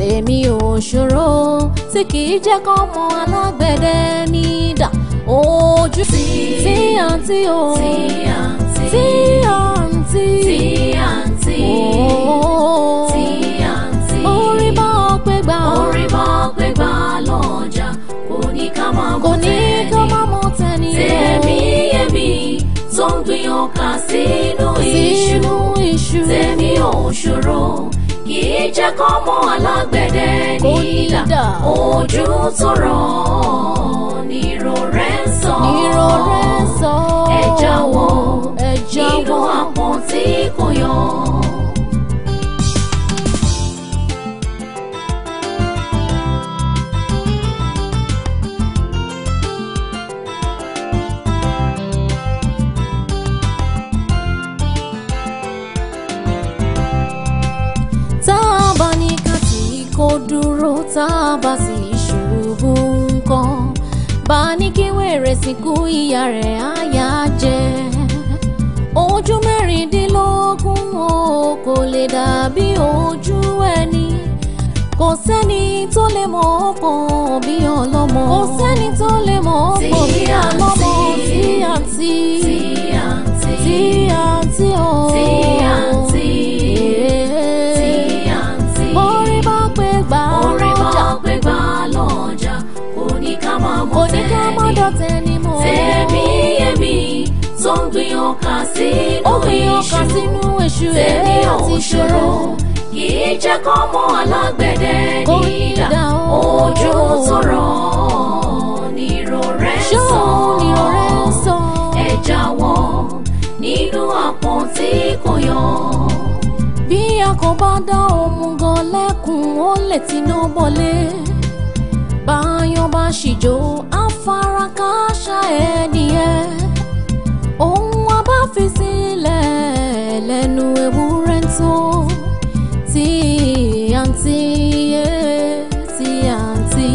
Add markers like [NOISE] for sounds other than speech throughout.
tèmi ò ṣòro tí kì í jẹ́ kó mọ alágbẹ̀dẹ ní dà ojú tí àǹtí o tí àǹtí o orí bá ọ pé gbà orí bá ọ pé gbà lọ́jà kò ní ká máa mọ tẹ́ni o tẹ̀mí yẹ̀mí tó ń gbìyànjú kà sínú iṣu tẹ̀mí ò ṣòro kì í jẹ́ kó mọ alágbẹ̀dẹ nídà ojú tó rọ̀ nírò rẹ̀ ń sọ ẹ jáwọ́ nínú àpótí kò yọ. tá a bá sì ṣubú nǹkan bá a ní kí wèrè sìnkú ìyá rẹ̀ àyà jẹ́ ojú mẹ́rìndínlógún o kò lè dàbí ojú ẹni kò sẹ́ni tó lè mọ̀ ọkàn bí ọlọ́mọ kò sẹ́ni tó lè mọ̀ ọkàn bí ọlọ́mọ tí àǹtí tí àǹtí tí àǹtí o. dọ̀tẹ̀ ni mo. me, ẹ̀mí tó ń gbìyàn kà sínú èṣù tẹ̀mí ọ̀hún ṣòro kì í jẹ́ kó mọ alágbẹ̀dẹ nídà ojú tọrọ nírò rẹ̀ sọ ẹ jáwọ́ nínú àpò tí kò bí a kò bá dá òun lẹ́kùn ó lè ti ná bá ṣìjó afárakáṣá ẹdìyẹ ohun abáfisílẹ̀ lẹ́nu ewúrẹ́ tó tí àǹtí yé tí àǹtí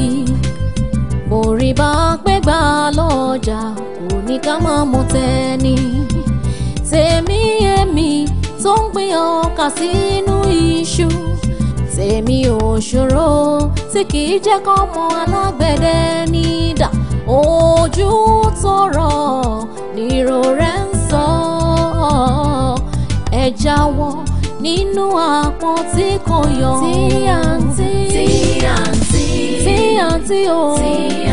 borí bá gbégbá lọ́jà kò ní ká máa mú tẹ́ni tèmi èmi tó ń gbìyànjú kà sínú iṣu tèmi ò ṣòro tí kì í jẹ́ kọ́mọ alágbẹ̀dẹ nídà ojú tọrọ nírò rẹ̀ ń sọ ẹ jáwọ́ nínú àpọ́n tí kò yọ tí àǹtí tí àǹtí tí àǹtí tí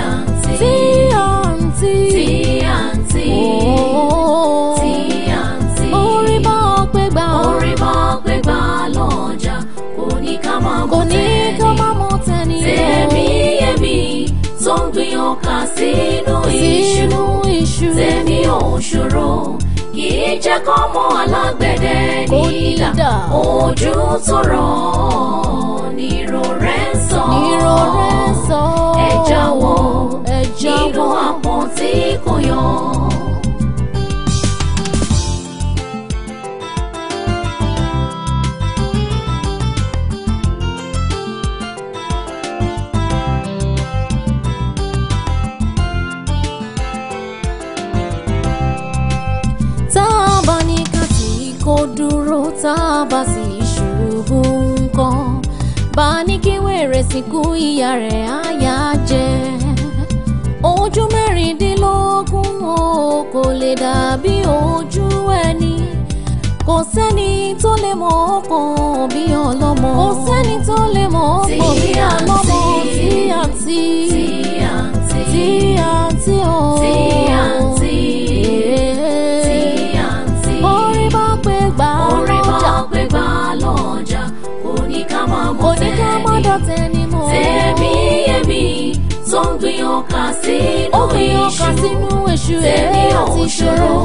àǹtí tí àǹtí. tó ń gbin ọkà sínú iṣu tẹ̀mí òun ṣòro kì í jẹ́ kó mọ alágbẹ̀dẹ nílà ojú tó rọ̀ nírò rẹ̀ ń sọ ẹ jáwọ́ nínú àpótí kò yọ. tá a bá sì ṣubú nǹkan bá a ní kí wèrè sìnkú ìyá rẹ̀ á yá jẹ ojú mẹ́rìndínlógún o kò lè dàbí ojú ẹni kò sẹ́ni tó lè mọ̀ ọkàn bí ọlọ́mọ kò sẹ́ni tó lè mọ̀ ọkàn bí ọlọ́mọ tí àǹtí tí àǹtí tí àǹtí o tí àǹtí. product anymore. tẹ̀mí ẹ̀mí tó ń gbìyàn kà sínú èṣù tẹ̀mí òun ṣòro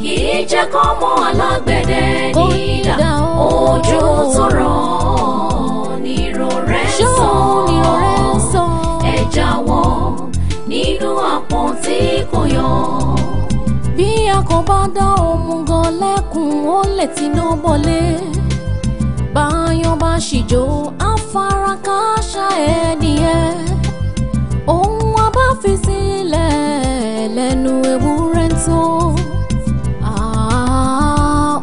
kì í jẹ́ kọ́ mọ alágbẹ̀dẹ nídà òjò tó rọ̀ nírò rẹ̀ sàn ẹ jáwọ́ nínú àpò kò yọ. bí a kò bá dá òun lẹ́kùn ó lè ti ná bọ́lé báyọ̀ bá ṣìjó afárakáṣá ẹni ẹ ohun abáfisílẹ̀ lẹ́nu ewúrẹ́ ń tó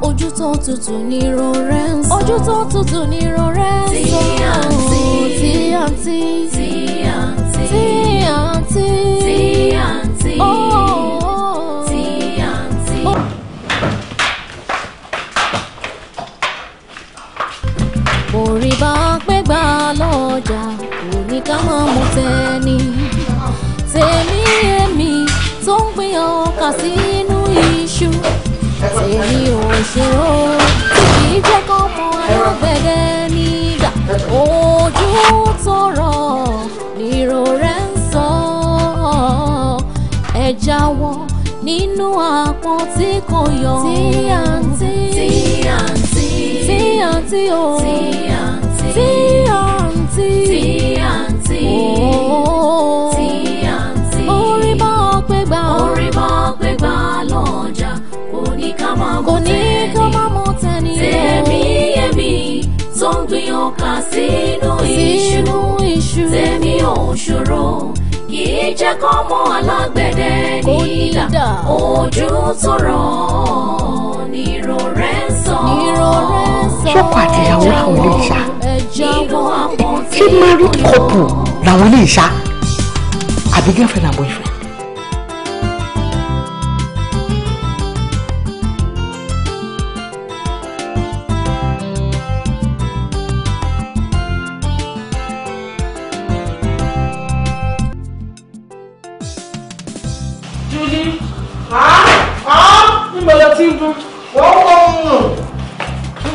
ojú tó tutù ní rọrẹ́ ń sọ ojú tó tutù ní rọrẹ́ ń sọ tí àǹtí tí àǹtí tí àǹtí tí àǹtí. Oh. orí bá pẹ́gbà lọ́jà òní ká máa mú tẹ́ni tèmi èmi tó ń gbin ọkà sínú iṣu tèmi ò ṣe ó tí kì í jẹ́ kọ́ mọ alágbẹ̀dẹ nígbà ojú tọrọ nírò rẹ̀ ń sọ ẹ jáwọ́ nínú àpọ̀n tí kò yọ tí àǹtí tí àǹtí tí àǹtí o tí àǹtí tí àǹtí tí àǹtí tí àǹtí orí bá ọ pé gbà orí bá ọ pé gbà lọ́jà kò ní ká má mọ tẹ́ni kò ní ká má mọ tẹ́ni tẹ̀mí yẹ̀mí tó ń gbin ọkà sínú iṣu tẹ̀mí òun ṣòro kì í jẹ́ kọ́ mọ́ alágbẹ̀dẹ nílà ojú tó rọ̀ nírò rẹ̀ ń làwọn lè ṣá ṣé married couple làwọn lè ṣá àbí girlfriend and boyfriend.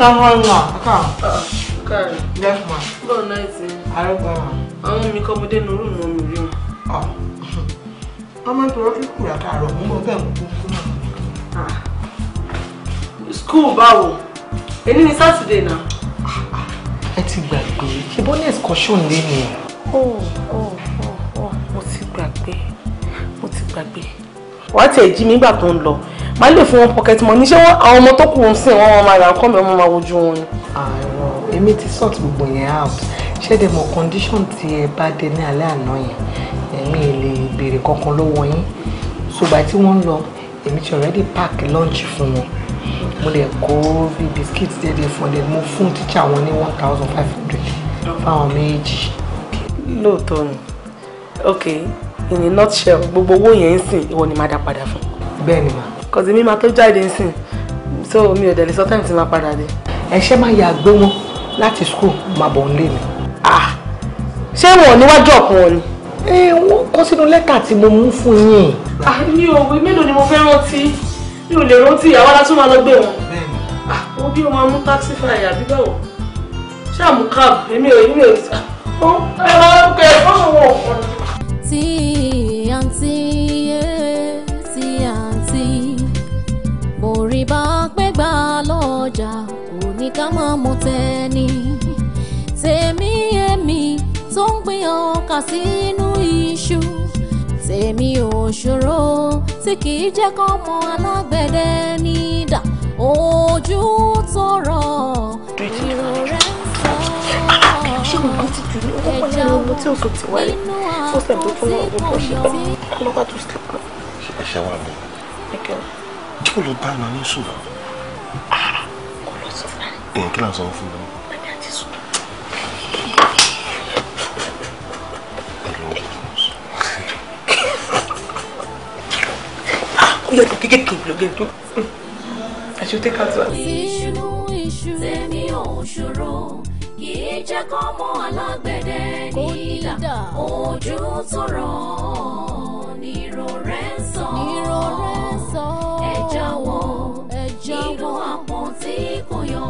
Someone now. Come. Carry. Left man. Go night. I man. Àwọn mi kọ́ mo dé nuru nu mi rí. Ah. Ọmọ tọrọ fi kura káàárọ̀ mo mo be nku ku na. Ah. School báwo. Èní ni Saturday náà. Ẹ ti gbàgbé. Ṣé bọ́ ní excursion lé ni? Oh, oh, oh, oh, mo ti gbàgbé. Mo ti gbàgbé. Wàá tẹ̀ jí mi nígbà tó máa lè fún wọn pocket money ṣé àwọn ọmọ tó kù ń sìn wọn wọn máa ra nǹkan mi wọn máa wojú wọn ni. àìrọ èmi ti sort gbogbo yẹn out ṣẹ́dẹ̀ mọ̀ condition tí ẹ bá dé ní alẹ́ àná yẹn èmi lè béèrè kankan lọ́wọ́ yín ṣùgbà tí wọ́n ń lọ èmi ti already pack lunch fún wọn mo lè kó bí biscuit dédé fún ẹ mo fún tíṣà wọn ní one thousand five hundred fáwọn méjì. lóòótọ́ ni ok in a nutshell gbogbo owó yẹn ń sìn ìwọ ni màá dá padà fún. bẹ́ẹ̀ ni màá cause èmi máa tó jáde nsìn so mi ò dẹ̀ lè sọ time tí máa padà dé. ẹ̀ṣẹ́ máa yà gbé wọn láti school máa bọ̀ nílé mi. Ah! ṣé wọn níwájú ọ̀pọ̀ wọn ni. ẹ wọ́n kọ sínú lẹ́tà tí mo mú fún yín. Ah, mi ò wí mélòó ni mo fẹ́ rántí mi ò lè rántí àwa la tún máa lọ gbé wọn. mo ah, bí o máa mú taxi fún àyà bíbẹ̀ wọ̀ ṣé àmú cab èmi ò èmi ò ẹ máa ń pẹ́ fún àwọn ọ̀pọ̀. tí àǹtí rìbá gbégbá lọ́jà kò ní ká má mú tẹ́ni. tèmi èmi tó ń gbin ọkà sínú iṣu tèmi ò ṣòro tí kì jẹ́ kọ́mọ alágbẹ̀dẹ ní ojú tó rọ̀ ríro ń sọ. ṣé mo gbé tí o sọ ti ẹ ṣe wà mí ṣé o lè bá ìnáwó sùn. kò lọ sí báyìí. Ah, ẹ̀ kí là ń sọ fún mi. bàbá ti sùn. Ah, ó yẹ kó kékeré kì í lọ gẹ̀ẹ́dọ́. àṣé o tẹ́ ojú tó rọ̀ nírò rẹ̀ sọ. sọ jáwọ́ nínú àpọ̀n tí kò yọ.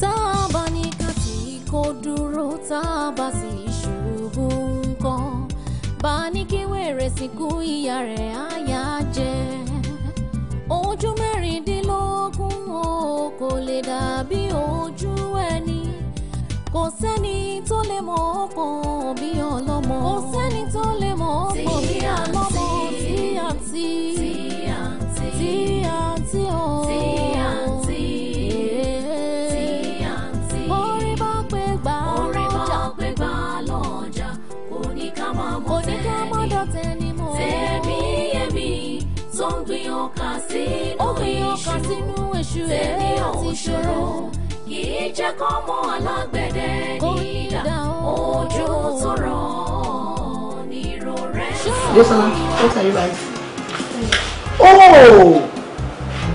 tá a bá ní ká tí kò dúró tá a bá sì ṣubú bẹ̀rẹ̀ sìnkú ìyá rẹ̀ àyà jẹ ojú mẹ́rìndínlógún o kò lè dàbí ojú ẹni kò sẹ́ni tó lè mọ̀ ọkàn bí ọlọ́mọ kò sẹ́ni tó lè mọ̀ ọkàn bí ọlọ́mọ. tó ń gbin ọkà sínú iṣu tẹ̀mí ọ̀hún ṣòro kì í jẹ́ kó mọ alágbẹ̀dẹ nídà ojú tó rọ̀ nírò rẹ̀. Desola, what are you Oh,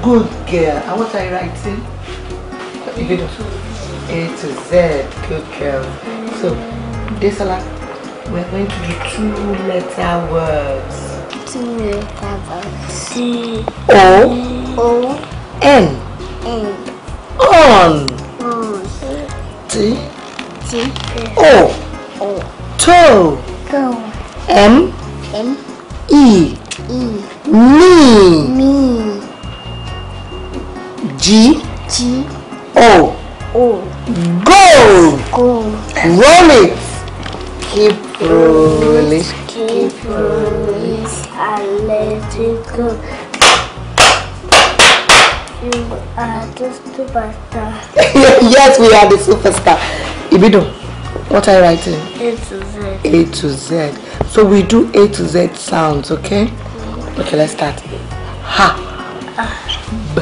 good girl. And what are you writing? A to Z, good girl. So, Desola, we're going to do two letter words. Cine Baba. C O O N N On. T T O O toe. Toe. M M E E me me G G O O go go roll it keep rolling keep rolling Allegedly, you are the superstar. [LAUGHS] yes, we are the superstar. Ibidun, what are you writing? A to Z. A to Z. So we do A to Z sounds, okay? Mm. Okay, let's start. Ha. Ah. B.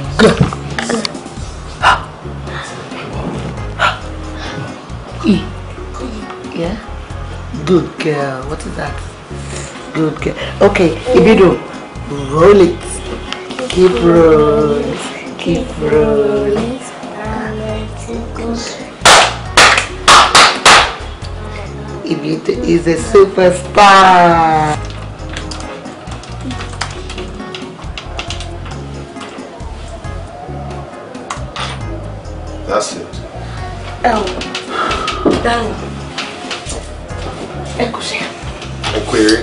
B. D. D. E. E. G. Yeah? Good girl. What is that? Good girl. Okay, Ibido, roll it. Keep rolling. Keep rolling. Ibido is a superstar. That's it. Oh, done. ẹ kò ṣe. ẹ kò eré.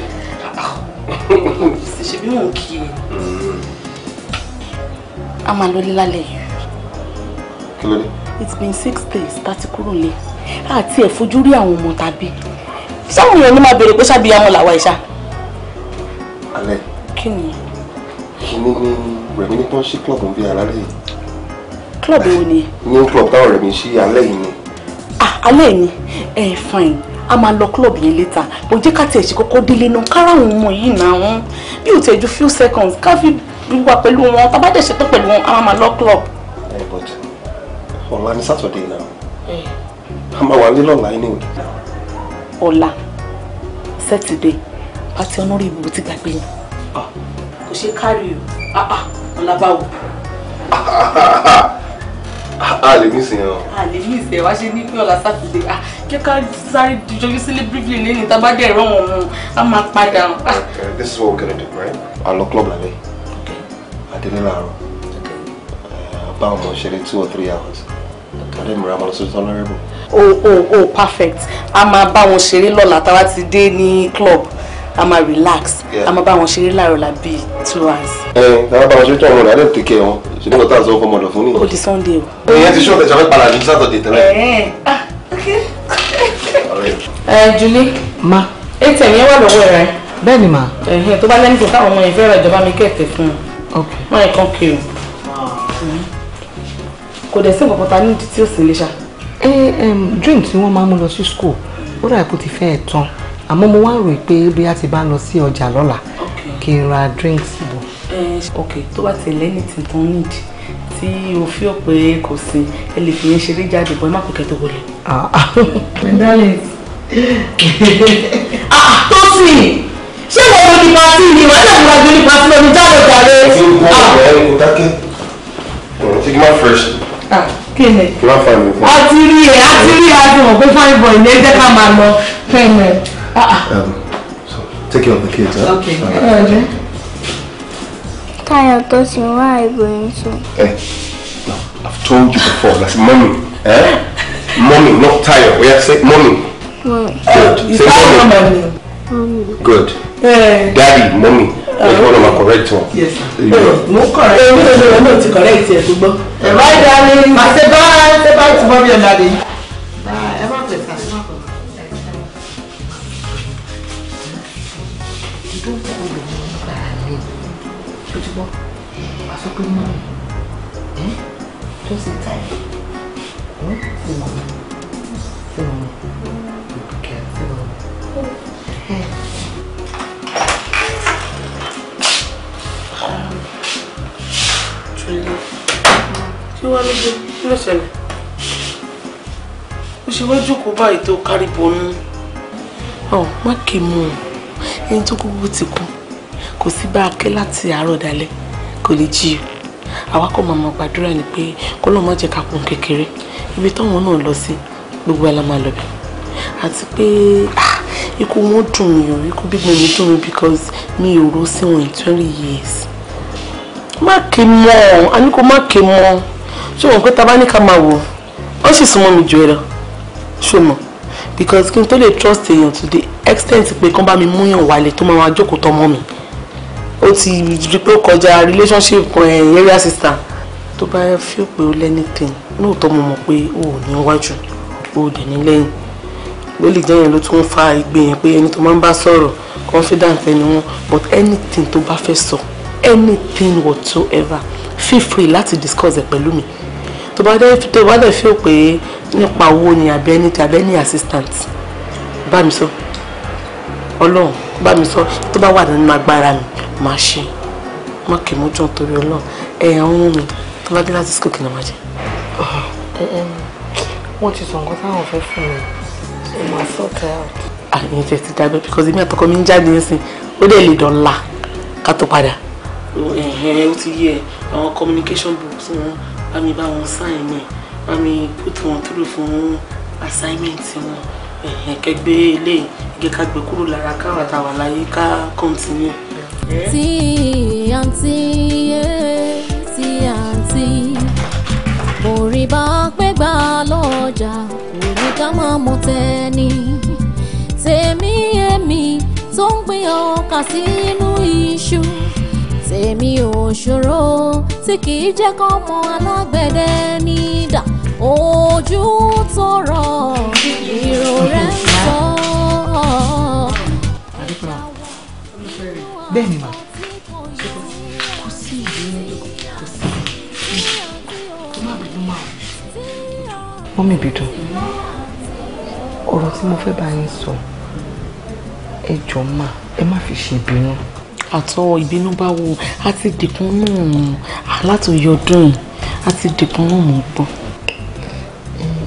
ṣe bí mò ń kí i. a máa lọ lálẹ́ yìí. kí ló it's been six days That's a ti Ah, lé àti ẹ̀ fojú rí àwọn ọmọ tàbí sáwọn èèyàn ló máa béèrè pé ṣáàbí àwọn làwa ìṣá. alẹ́. kí ni. èmi ni rẹ̀mí ní tán club on bí alálẹ́ yìí. club wo ni. ní club táwọn rẹ̀mí ṣí alẹ́ yìí ah alẹ́ yìí ni eh, fine a máa lọ club yẹn later bó jẹ́ ká tiẹ̀ ṣe kọ́kọ́ délé náà kára àwọn ọmọ yìí náà wọn bí ò tẹ̀ few seconds ká fi wà pẹ̀lú wọn tá a bá dẹ̀ ṣetán pẹ̀lú wọn a máa lọ club. ẹ but ọ̀la ni Saturday náà eh. a máa wà ní lọ́la anyway. ọ̀la Saturday àti ọ̀nàrú ìbò ti gbàgbé yẹn. Ah. kò ṣe kárí o ah, ah. ọ̀la báwo. [LAUGHS] a lè mí sìn ọ́. a lè mí sìn ẹ wá ṣe ní pé ọ̀la sátidé a ah, kí ká sáré jọjú sílé bíríkìlì lẹ́yìn tá a bá dẹ̀ rán wọn mu a máa padà. Ah. okay this is what we're gonna do right. a lọ club didn't know. Okay. Eh, bá àwọn ọmọ ṣeré two or three hours adé mìíràn máa lọ sí tolerable. Oh, oh, oh! perfect a máa bá wọn ṣeré lọ́la tá a ti dé ní club a máa relax a máa bá wọn ṣeré láàárọ̀ la bíi two hours. ẹ ẹ náà bá wọn ṣe tún àwọn ọ̀rẹ́ àdéhùn tèké wọn ṣe ní kọ́tà àti ọkọ̀ mọ̀dọ̀ fún nìyẹn. ó di sunday o. ìyẹn ti ṣọ́ọ̀tẹ̀ ṣàfẹ́ padà ní sátọ̀dẹ̀ tẹ́lẹ̀. Ah, ẹ Julie ma atm yẹn wà lọ́wọ́ rẹ. bẹ́ẹ̀ni ma. tó bá lẹ́nu tó táwọn ọmọ yẹn fẹ́ ra ìjọba mi kẹ̀tẹ̀ fún un. wọ́n yẹn kàn kí o. kò dẹ̀ sí nǹkan ta ní ìdí tí ó sì lè ṣá. ẹ ẹ drink tí wọ́n máa ń mú lọ sí school ó dà kó ti fẹ́ ẹ̀ tán àmọ́ mo wá rò pé bóyá ti bá lọ sí ọjà lọ́la kí n ra drinks bọ̀. Eh, ok tó bá tẹ̀lé ní tìǹtàn need tí o fi ọ̀ pé kò sí ẹ lè fi yẹn ṣeré jáde bọ́ ẹ má kò kẹ́ tó wọlé. Ah, ah. my darling [LAUGHS] ah, tó sì ṣé mo lọ ní pàtí ni wọ́n náà wọ́n gbé ní pàtí lọ́ni jáde jàre. kò dákẹ́ ọ̀rọ̀ tí kì máa fresh. kí ni a ti rí ẹ a ti rí adùn ọ̀gbẹ́fọ́n ìbọn ìlẹ́jẹ́ ká máa lọ fẹ́ẹ́ mẹ́rin. Um, so take care of the kids. Huh? Okay. okay. Tayo doesn't why are you going to? Eh, no, I've told you before. That's mommy. Eh, mommy, not Tayo. We have said mommy. Mommy. Good. Uh, say mommy. mommy. Good. Eh. Daddy, mommy. Uh, one of my correct one. Yes. You know. No eh, correct. No, no, no, no. To correct, yes. Bye, darling. I say bye. Say bye to mommy and daddy. ṣòtúbọ̀ wà sọ pé mọ́ mi tó sì ta ẹ̀ fún wọn fún wọn òkè fún wọn. kí wàá ló dé kí ló ṣe wá jókòó báyìí tó kárí bọnú. ọ má kì í mú un ẹni tó kúkú ti kú kò sí bá a ké láti àárọ̀ dalẹ́ kò lè jí o àwa kò máa mọ gbàdúrà ni pé kó lọ́ọ́ má jẹ́ ká kún kékeré ibi táwọn náà lọ sí gbogbo ẹ̀ la máa lọ bẹ̀ àti pé ah, ikú wọn dùn mí o ikú gbígbọn mi dùn mí because mi ò rò sí wọn in twenty years má ké mọ́ ọ àní kò má ké mọ́ ọ ṣé wọn pé ta ká máa wò ó sì súnmọ́ mi jù ẹ lọ ṣó mọ́ because kí n tó lè trust èèyàn to the extent pé kán bá mi múyàn wálé tó máa wá jókòó tọmọ mi ó ti rí pé ó kọjá relationship area eh, sister tó bá fi pé ó lẹ́nìtìn lóòótọ́ mo mọ̀ pé ó ò ní wájú ó dẹ̀ ní lẹ́yìn ló lè jẹ́ yẹn ló tún fa igbe yẹn pé ẹni tó máa ń bá sọ̀rọ̀ confident ẹni wọn but anything tó bá fẹ́ sọ anything whatsoever feel free láti discuss ẹ̀ pẹ̀lú mi tó bá dẹ̀ tó bá dẹ̀ feel pé nípa owó ni àbí ẹni tàbí ẹni assistant bá mi sọ ọlọ́run bá mi sọ tó bá wà nínú agbára mi máa ṣe má kì í mú jọ̀ torí ọlọ́run ẹ̀ àwọn ohun mi tó bá dé láti school kí ni máa jẹ. wọ́n ti sọ nǹkan táwọn fẹ́ fún mi ẹ̀ máa sort out. àyìn tẹ̀ ti dábẹ́ because èmi àtọkọ mi ń jáde nísìn ó dẹ̀ lè dọ̀la ká tó padà. ó ti yẹ àwọn communication books wọn bá mi bá wọn sign ní bá mi put wọn through fún assignment wọn kẹgbẹ́ ilé ìgẹ́kagbẹ́ kúrò lára káwàtàwà láyé ká continue tí àǹtí tí àǹtí mo rí bá pẹ́ gbà lọ́jà kò ní ká máa mọ tẹ́ni tèmi èmi tó ń gbé ọkà sínú iṣu tèmi ò ṣòro tí kì í jẹ́ kọ́ mọ alágbẹ̀dẹ nídà ojú tó rọ̀ ìrò ń sọ bẹ́ẹ̀ ni mà kò sí ìdílé kò sí kò ọ̀rọ̀ tí mo fẹ́ bá yín sọ ẹ jọ̀ọ́ mà ẹ má fi ṣe ìbínú. àtọ ìbínú bá wo a ti dìkun náà alátòyọdún a ti dìkun náà mọ̀ gbọ́.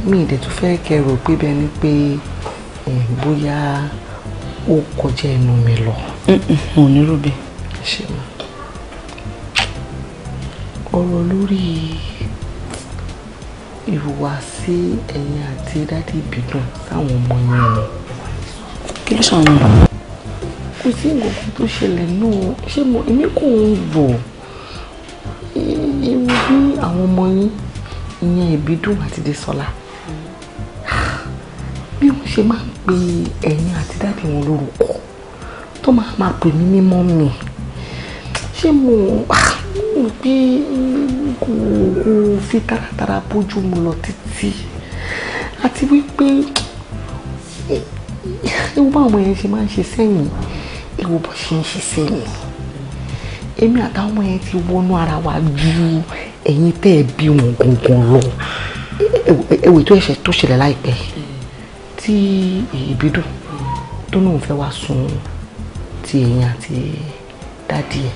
mi ì dẹ̀ tún fẹ́ kẹrò pé bẹ́ẹ̀ ni pé bóyá ó kọjá ẹnu mi lọ mo ní rúbẹ̀. ṣé ma ọ̀rọ̀ lórí ìhùwàsí ẹ̀yìn àti dádì ìbídùn táwọn ọmọ yẹn ni kí ló ṣàwọn ọmọ kò sí nǹkan tó ṣẹlẹ̀ náà ṣé mo èmi kò ń wò ewu bí àwọn ọmọ yín ìyẹn ìbídùn àti désọlá mm. bí wọ́n ṣe máa ń pe ẹ̀yìn àti dádì wọn lórúkọ tó máa máa pè mí ní mọ́mì ṣé mo bí ah, kò kò fi taratara bójú mu lọ títí àti wípé ewu báwọn yẹn ṣe máa ń ṣe sẹ́yìn ewu bó ṣe ń ṣe sẹ́yìn èmi àtàwọn ọmọ yẹn ti wọnú ara wa ju ẹ̀yin tẹ́ ẹ bí wọn gangan lọ ewé tó ẹ̀ṣẹ̀ tó ṣẹlẹ̀ láìpẹ́ tí ìbídùn tó náà fẹ́ wá sun ti ẹ̀yìn àti dádì ẹ̀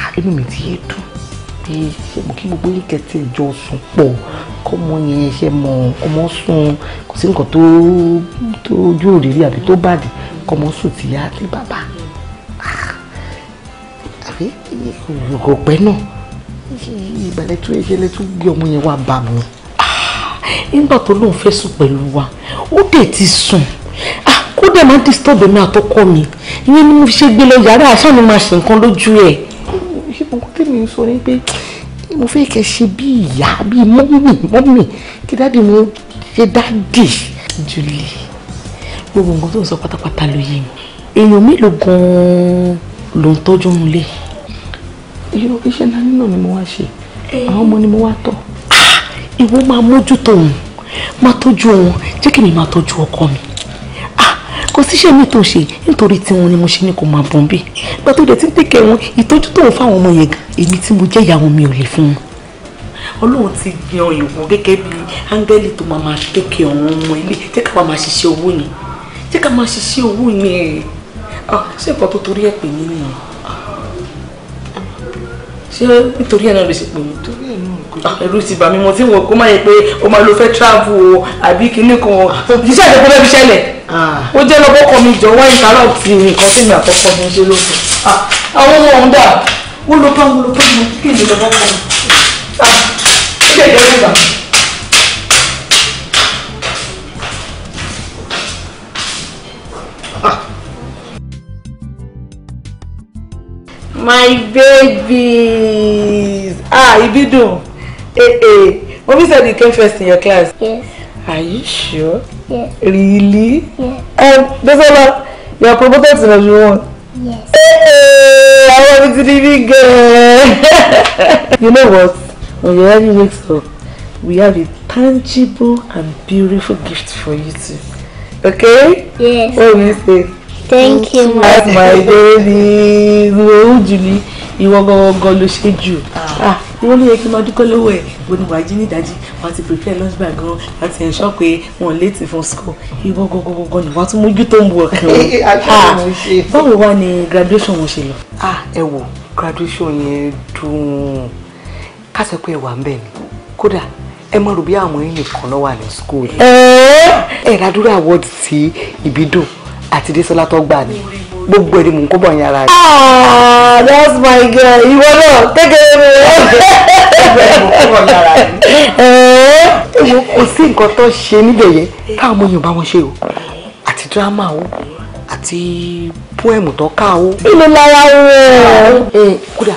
ah, inú mi ti yé dùn pé ṣé mo kí gbogbo yín kẹtì ìjọ sùn pọ̀ kọ́mọ yẹn ṣe mọ ọmọ sùn kò sí nǹkan tó tó ojú òrìrì àbí tó bàdì kọ́mọ sùn tìyá àti bàbá ah, àbí kò pẹ́ náà ìgbàlẹ̀ tó ẹ̀ṣẹ̀lẹ̀ tó gbé ọmọ yẹn wá bá mi ah, nígbà tó lóun fẹ́ sùn pẹ̀lú wa ó dẹ̀ ti sùn ó dẹ̀ máa ń disturb èmi àtọkọ mi ìyẹn ni mo fi ṣe gbé lọ yàrá àṣà mi máa ṣe nǹkan lójú ẹ̀. ìbùn kí mi sọ ni pé mo fẹ́ kẹ́ ṣe bí ìyá bí mọ́mì mọ́mì kí dáàdì mo ṣe dáàdì. Julie gbogbo nǹkan tó ń sọ pátápátá ló yé mi èèyàn mélòó gan-an ló ń tọ́jú ń lé. irú iṣẹ́ náà nínú ni mo wá ṣe eh. àwọn ọmọ ni mo wá tọ̀. Ah, ìwọ máa mójútó òun máa tọ́jú òun jẹ́ kí mi máa tọ́jú ọkọ mi kò síṣẹ́ mi tó ṣe nítorí tiwọn ni mo ṣe ni kò máa bọ̀ bí ìgbà tó dẹ̀ ti ń tẹ̀kẹ́ wọn ìtọ́jú tó ń fáwọn ọmọ yẹn èmi tí mo jẹ́ ìyàwó mi ò lè fún wọn ọlọ́run ti yan ìwọ̀n gẹ́gẹ́ bí áńgẹ́lì tó máa máa tókè ọ̀run ọmọ ilé jẹ́ ká máa ṣiṣẹ́ owó ni jẹ́ ká máa ṣiṣẹ́ owó ni ṣé nǹkan tó torí ẹ̀ pè mí nìyẹn ṣé nítorí ẹ̀ náà lè ṣe pè mí tó ẹ̀rù ti bà mí mo ti wò kó má yẹ pé o máa lo fẹ́ travel o àbí kinní kan o ìdẹ́kun bẹ́ẹ̀ fi ṣẹlẹ̀ ah. ó jẹ́ lọ́wọ́ kan mi jọ̀wọ́ interrupt nǹkan tí mi àkọ́kọ́ mi ṣe lóṣù ah, àwọn ọmọ ọ̀hún dà wọ́n lo pa wọ́n lo pa mo kí èdè lọ́wọ́ kan ó dẹ̀ jẹ́ lọ́gbà. Ah. My babies ah ibi dùn. Hey, eh, eh. hey. Mommy said you came first in your class. Yes. Are you sure? Yes. Really? Yes. Um, that's all. Uh, you are promoted to number one. Yes. Hey, eh, hey, I want to be girl. [LAUGHS] you know what? When your daddy wakes up, we have a tangible and beautiful gift for you too. Okay? Yes. What will you say? Thank, you, my, my baby. Julie, you will go go lo Ah. ah ìwọ ló yẹ kí n máa dúkọ́ lọ́wọ́ ẹ̀ bó ni jí ní ìdájí wàá ti prepare lunch bag gan àti ẹ̀ṣọ́ pé wọ́n léètì fún school ìwọ gọgọgọgọ ni wàá tún mójú tó ń bu ọ̀kan wọn. [LAUGHS] Ah, báwo wá ni graduation wọn ṣe lọ. Ah, ẹ wò graduation yẹn dùn ká sọ pé ẹ wà ń bẹ̀ ni kódà ẹ mọ̀ rò bí àwọn yìí nìkan ló wà school. Eh? ẹ ẹ ràdúrà award sí Ìbídùn àti Désọlá tó gbà ni gbogbo ẹ̀ mò ń kó bọ̀ ara rẹ̀. ah that's my girl ìwọ náà kékeré mi rẹ. gbogbo ẹ̀ kò sí nǹkan tó ṣe níbẹ̀ yẹn táwọn ọmọ Yorùbá wọn ṣe o àti dírámà o àti pọ́ẹ̀mù tó ká o. ìlú lára rẹ̀. Eh, kódà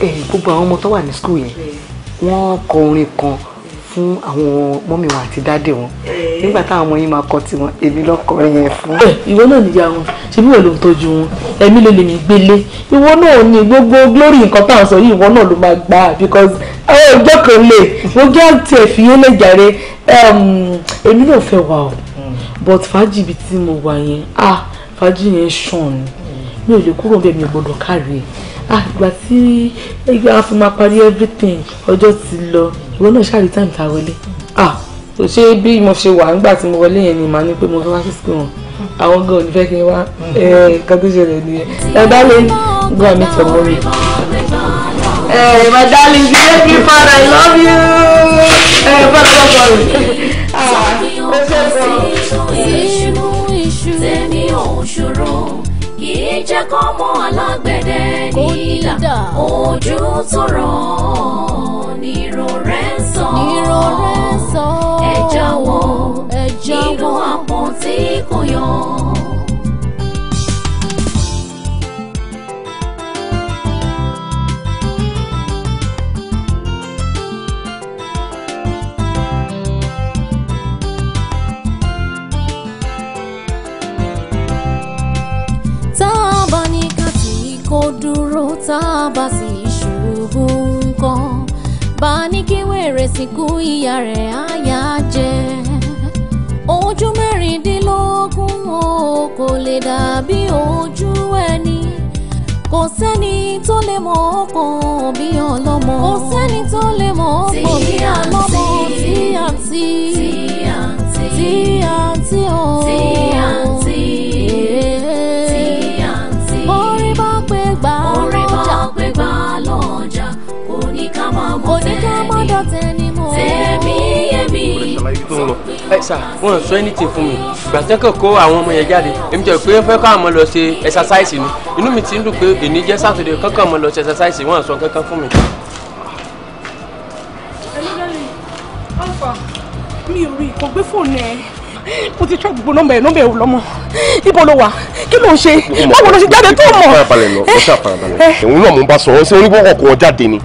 eh, gbogbo àwọn ọmọ tó wà ní skul yẹn wọ́n kọ orin kan fún àwọn mọ́mì wọn àti dáàdì wọn eh. nígbà táwọn ọmọ yín máa kọ tiwọn èmi lọ́kọrin yẹn fún. Eh, ìwọ náà níyà wọn ṣebí wọn ló ń tọ́jú wọn ẹ̀mí ló lè mí gbélé ìwọ náà ni gbogbo glory nǹkan tá à ń sọ yìí ìwọ náà ló máa gbà á because ẹ ọjọ́ kan lè mo jẹ́ àti ẹ̀fìyẹ́ lẹ́jàre èmi náà fẹ́ wà o hmm. but fàájì ibi tí mo wà yẹn ah fàájì yẹn ṣàn ni mi ò lè kúrò bẹ́ẹ̀ mi ò gbọ́dọ̀ kárí ẹ̀ àgbà ah, tí ẹgbẹ́ wa fi máa parí everything ọjọ́ ti lọ ìwọ náà ṣáà rí time ta wọlé ah, kò ṣe bí mo ṣe wà nígbà tí mo wọlé yẹn ni màá ní pé mo fẹ́ wá sí school wọn àwọn gan ò ní fẹ́ kí n wá kan tó ṣẹlẹ̀ nìyẹn ẹ bá lè go and meet your mommy. Hey, my darling, thank you, Father. I love you. Hey, Father, I'm sorry. ah, let's go jẹ́ kọ́ mọ alágbẹ̀dẹ nílà ojú tọrọ nírò rẹ̀ sọ nírò rẹ̀ ń sọ ẹ jáwọ́ nínú àpótí kò yọ. dúró tá a bá sì ṣubú nǹkan bá ní kí wèrè sìnkú ìyá rẹ̀ àyà jẹ ojú mẹ́rìndínlógún o kò lè dàbí ojú ẹni kò sẹ́ni tó lè mọ ọkàn bí ọlọ́mọ kò sẹ́ni tó lè mọ ọkàn bí ọlọ́mọ tí àǹtí tí àǹtí tí àǹtí o. onídàmọ́dọ̀ tẹni mọ́. tẹ̀mí yẹ̀mí. ẹ sà wọn sọ anything fún mi ìgbà tẹ́ kàn kó àwọn ọmọ yẹn jáde èmi jẹ́ pé fẹ́ káwọn ọmọ lọ ṣe exercise ni inú mi ti ń dùn pé èmi jẹ́ sátọ̀dẹ̀ kankan ọmọ lọ ṣe exercise wọn sọ kankan fún mi. mi ò rí kò gbé fóònù ẹ mo ti tọ́ gbogbo nọ́mbà ẹ̀ nọ́mbà ẹ̀ ò lọ́mọ ibo ló wà kí ló ń ṣe báwo ló ṣe jáde tó mọ̀. ó ṣàfarabalẹ̀ lọ ó ṣàfarabalẹ̀ òun náà mo bá sọ̀rọ̀ ṣé onígbọ́kọ̀ kọ̀ jáde ni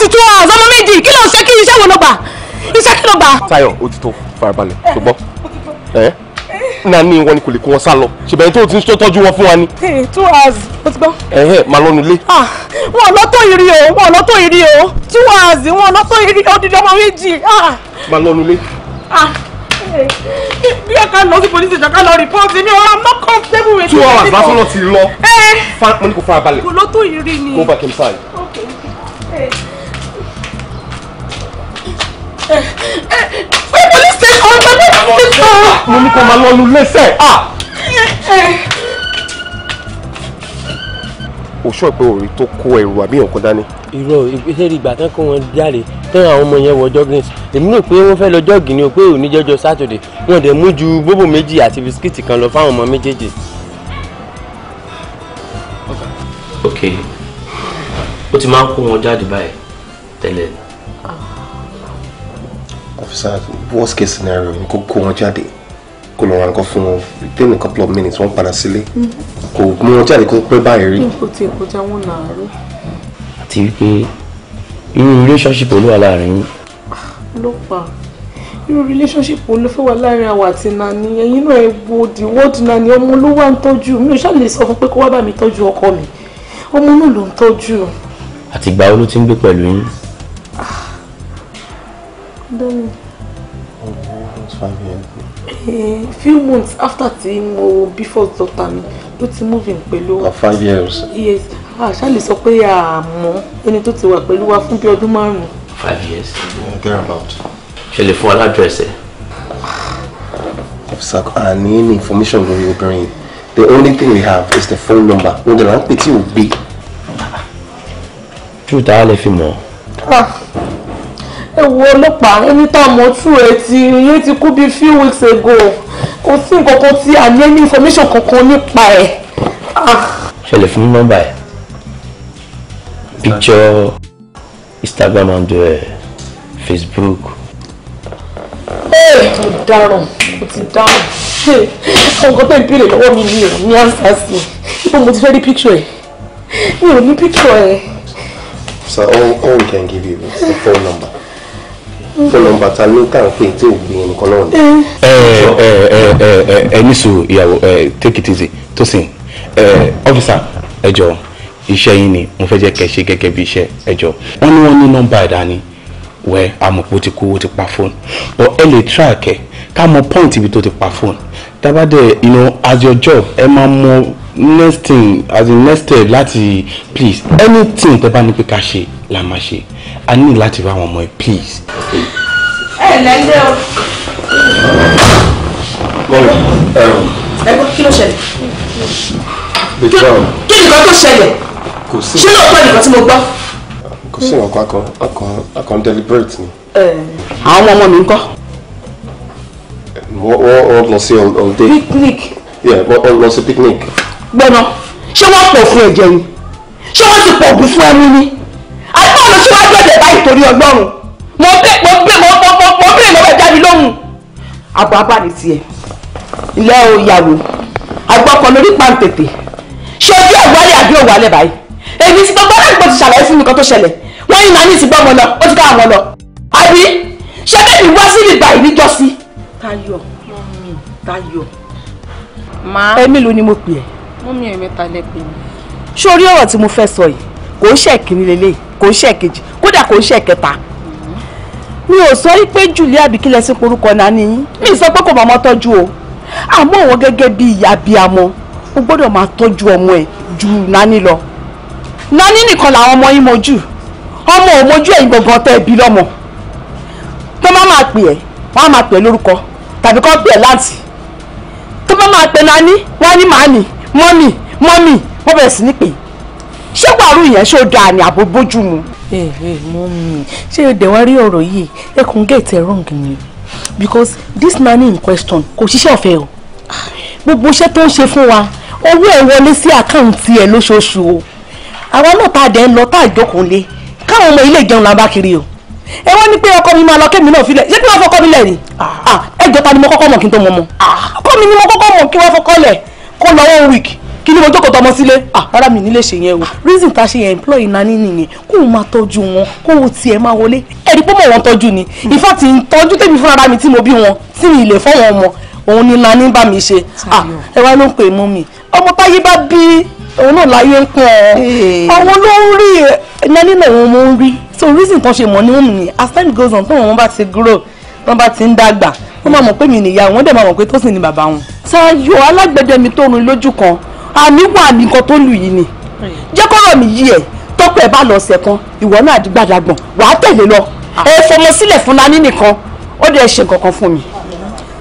láti two hours ọmọ méjì kí ló ń ṣe kí iṣẹ́ wo ló gbà iṣẹ́ kí ló gbà. Táyọ̀ ó ti tó farabalẹ̀ ṣùgbọ́n ẹ nani wọn ni kò lè kó wọn sá lọ ṣùgbọ́n ẹni tó ti ń tọ́jú wọn fún wa ni. two hours ó ti gbọ́. ẹ̀hẹ̀ máa lọ́nu ilé. Ah, wọn lọ tó ìrì o wọn lọ tó ìrì o two hours wọn lọ tó ìrì odidi ọmọ méjì. Ah. máa lọ́nu ilé. Ah, bí ẹ ká lọ sí polisi ìjọ ká lọ rìpọ́ọ̀tì mi ọ̀rọ̀ mọ́ comfortable with. two hours lásán náà ti lọ. Eh. mo ní kò fara balẹ̀. kò lọ tó ìrì ni. go back inside. okay. Hey pé police station ọgbà náà ti pa. mo Ah. kó máa lọ lu lẹ́sẹ̀. Ah! o sọ pé òòrì tó kó ẹrù àbí nǹkan dání. irọ́ ìgbésẹ̀rì ìgbà tán kó wọn jáde tán àwọn ọmọ yẹn wọ jogging èmi rò pé wọ́n fẹ́ lọ jọ́ọ̀gì ni o pé òní jẹ́jọ́ sátọ̀dẹ̀ wọn dẹ̀ mú ju bóbò méjì àti bisikíìtì kan lọ fáwọn ọmọ méjèèjì. ok ó ti máa ń kó wọn jáde báyìí tẹ́lẹ̀ ni officer worst case scenario kó kó wọn jáde kó lọ ra nǹkan fún wọn within a couple of minutes wọ́n padà sílé mm-hmm. kò mú wọn jáde kó pẹ́ báyìí rí. kò tí kò já wọn nàárọ̀. àti wípé irú relationship olúwa láàrin yín. ló pa irú relationship wo ló fẹ́ wà láàrin àwọn àti nani ẹ̀yin náà ẹ wo the word nani ọmọ ló wà ń tọ́jú mi ò ṣáà lè sọ fún pé kó wá bá mi tọ́jú ọkọ mi ọmọ náà ló ń tọ́jú. àtìgbà wo ti ń gbé pẹ̀lú yín. Dami. almost five years ago. Eh, few months after tí mo before daughter mi ló ti move in pẹ̀lú. for ah, five years. yes ah, lè sọ pé àmọ́ ẹni tó ti wà pẹ̀lú wa fún bí ọdún márùn-ún. five years. Yeah, there about. ṣe lè fún ọ ládùrẹ́sẹ̀. officer ah, a ní ní information lórí obìnrin the only thing we have is the phone number wọn jẹ́ là ń pè tí ò gbé. truth a lè fi mọ̀. ah ewu ọlọ́pàá anytime mo tú etí ìyẹn ti kú bíi few weeks ago kò sí nǹkan kan tí a ní any information kankan nípa ẹ̀. Ah. ṣẹlẹ̀ fún nọ́mbà ẹ̀ picture instagram and uh, facebook. ó dáràn ó ti dáràn ọkọ tó ń bèrè lọ́wọ́ mi ni ò ní ansa sí i mo ti fẹ́ rí picture ẹ̀ mi ò ní picture ẹ̀. So all, all we can give you is the phone number fọlọ́n bàtà ní kàǹpé tí ò gbé nìkan náà ni. ẹ ẹ ẹ ìyàwó eh, take it easy tó sìn ẹ ọ́fíìsà ẹ jọ iṣẹ́ yín ni mo fẹ́ jẹ́ kẹ́ ṣe gẹ́gẹ́ bí iṣẹ́ ẹ jọ wọ́n ní wọ́n ní nọ́mbà ìdání wẹ́ amọ̀pọ̀ ti kú owó ti pa fóònù ọ ẹ lè tíráàkẹ́ ká mọ pọ́ǹtì ibi tó ti pa fóònù dábàdẹ̀ you know as your job ẹ máa mọ next thing as in next step láti please anything tẹ́ bá ní pé ká ṣe la máa ṣe a ní láti bá àwọn ọmọ ẹ please. ẹ lẹ́lẹ́ o. Um, ẹ kó kí ló ṣẹlẹ̀. kí um, nìkan tó ṣẹlẹ̀ ṣé lóòótọ́ nìkan tí mo gbọ́. kò sí nǹkan kan akàn akàn deliberate ni. àwọn ọmọ mi ń kọ́. wọ́n lọ sí all day. picnic. yeah wọ́n lọ sí picnic gbọ́nà ṣé wọ́n pọ̀ fún ẹ̀jẹ̀ ni ṣé wọ́n ti pọ̀ ògùn fún ẹmu ni àbúrò lọ síwájú ẹ̀jẹ̀ báyìí torí ọgbọ́run mo bẹ mo bẹ mo mo mo mo bẹ mo bẹ jáde lóhùn. àbọ̀ abáni tiẹ̀ ilé o ìyàwó àgbọ̀kọ lórí pàǹtẹ̀tẹ̀ ṣé ojú ẹ̀ wálé àbí ò wálé báyìí èmi ti gbọ́ láti gbọ́ ti ṣàlàyé fún mi kan tó ṣẹlẹ̀ wọ́n yìí nání ti gbọ́ ọmọ lọ ó ti ká àwọn lọ àbí ṣé bẹ́ẹ̀ ni wá sí ìgbà yìí níjọ́sí. Táyọ̀ Táyọ̀. èmi ló ni mo pè é wọ́n mi ẹ̀ mẹ́ta lẹ́pẹ́ mi. sórí ọ̀rọ̀ tí mo fẹ́ sọ yìí kò ń ṣe ìkíní lélẹ̀ kò ń ṣe ìkejì kódà kò ń ṣe ìkẹta mi ò sọ pé Julie àbí kí lẹ sí porúkọ náà ní yín mi sọ pé kò máa mọ tọ́jú o àmọ́ òun gẹ́gẹ́ bí ìyá abiyamọ o gbọ́dọ̀ máa tọ́jú ọmọ ẹ̀ ju nání lọ nání nìkan làwọn ọmọ yín mojú ọmọ ò mojú ẹ̀yin gbọ̀ngàn tẹ́ ẹbí lọ́mọ tó má máa pè ẹ́ wọ́n á máa pè é lórúkọ tàbí kó pè é láǹtì tó má máa pè nání wọ́n á ní màá nìí mọ́mì mọ́mì wọ́n bẹ̀rẹ̀ sí ní pè ṣé wàrú yẹn ṣó dáa ni àbò bójú mu. ẹ eh, ẹ eh, mọ́mì ṣé ẹ dẹ̀wá rí ọ̀rọ̀ yìí ẹ kàn get it wrong ni because this man in question kò ṣiṣẹ́ ọ̀fẹ́ o gbogbo iṣẹ́ tó ń ṣe fún wa owó ẹ̀ wọlé sí àkáǹtì ẹ̀ lóṣooṣù o àwa náà tá a dẹ̀ ń lọ tá a jókòó lé káwọn ọmọ ilé ìjẹun la bá kiri o ẹ wá ní pé ọkọ mi máa lọ kémi náà filẹ̀ ṣé kí wọ́n fọkọ mi lẹ̀ ni ah. Ah, ẹ jọta ni mo kọ́kọ́ mọ̀ kí n tó mọ̀ mọ́ ah. ọkọ mi ni mo kọ́kọ́ mọ̀ kí wọ́n fọkọ lẹ̀ kó lọ one week kí ni mo jókòó tọmọ sílé ah rárá mi nílé ṣe yẹn o reason ta ṣe yẹn employee nani nìyẹn kó o máa tọ́jú wọn kó o tiẹ̀ máa wọlé ẹ̀rí pé mọ̀ wọn tọ́jú ni hmm. ìfà tí ń tọ́jú tèmi fún ara mi tí mo bí wọn tí mi lè fọ́ wọn ọmọ òun ni nani bá mi ṣe ah ẹ wá ló ń pè mú mi ọmọ táyé bá bí òun náà láyé ń pọ̀ ọ̀hún ló ń rí nani náà òun mo ń rí so reason tán ṣe mọ̀ ní òun nìyẹn as time goes on tó wọn bá ti grow wọ́n bá ti ń dàgbà wọ́n máa mọ̀ pé mi nìyá wọn dẹ̀ máa mọ̀ pé Tósìn ni bàbá wọn. Táyọ̀ alágbẹ̀dẹ mi tó run lójú kan àmì wà nìkan tó lù yìí ni jẹ́ kọ́rọ̀ mi yí ẹ̀ tọ́pẹ́ bá lọ ọ̀sẹ̀ kan ìwọ náà àdìgbàdàgbọ̀n wàá tẹ̀lé lọ ah. ẹ fọmọ sílẹ̀ fún nani nìkan ó dẹ̀ ṣe nǹkan kan fún mi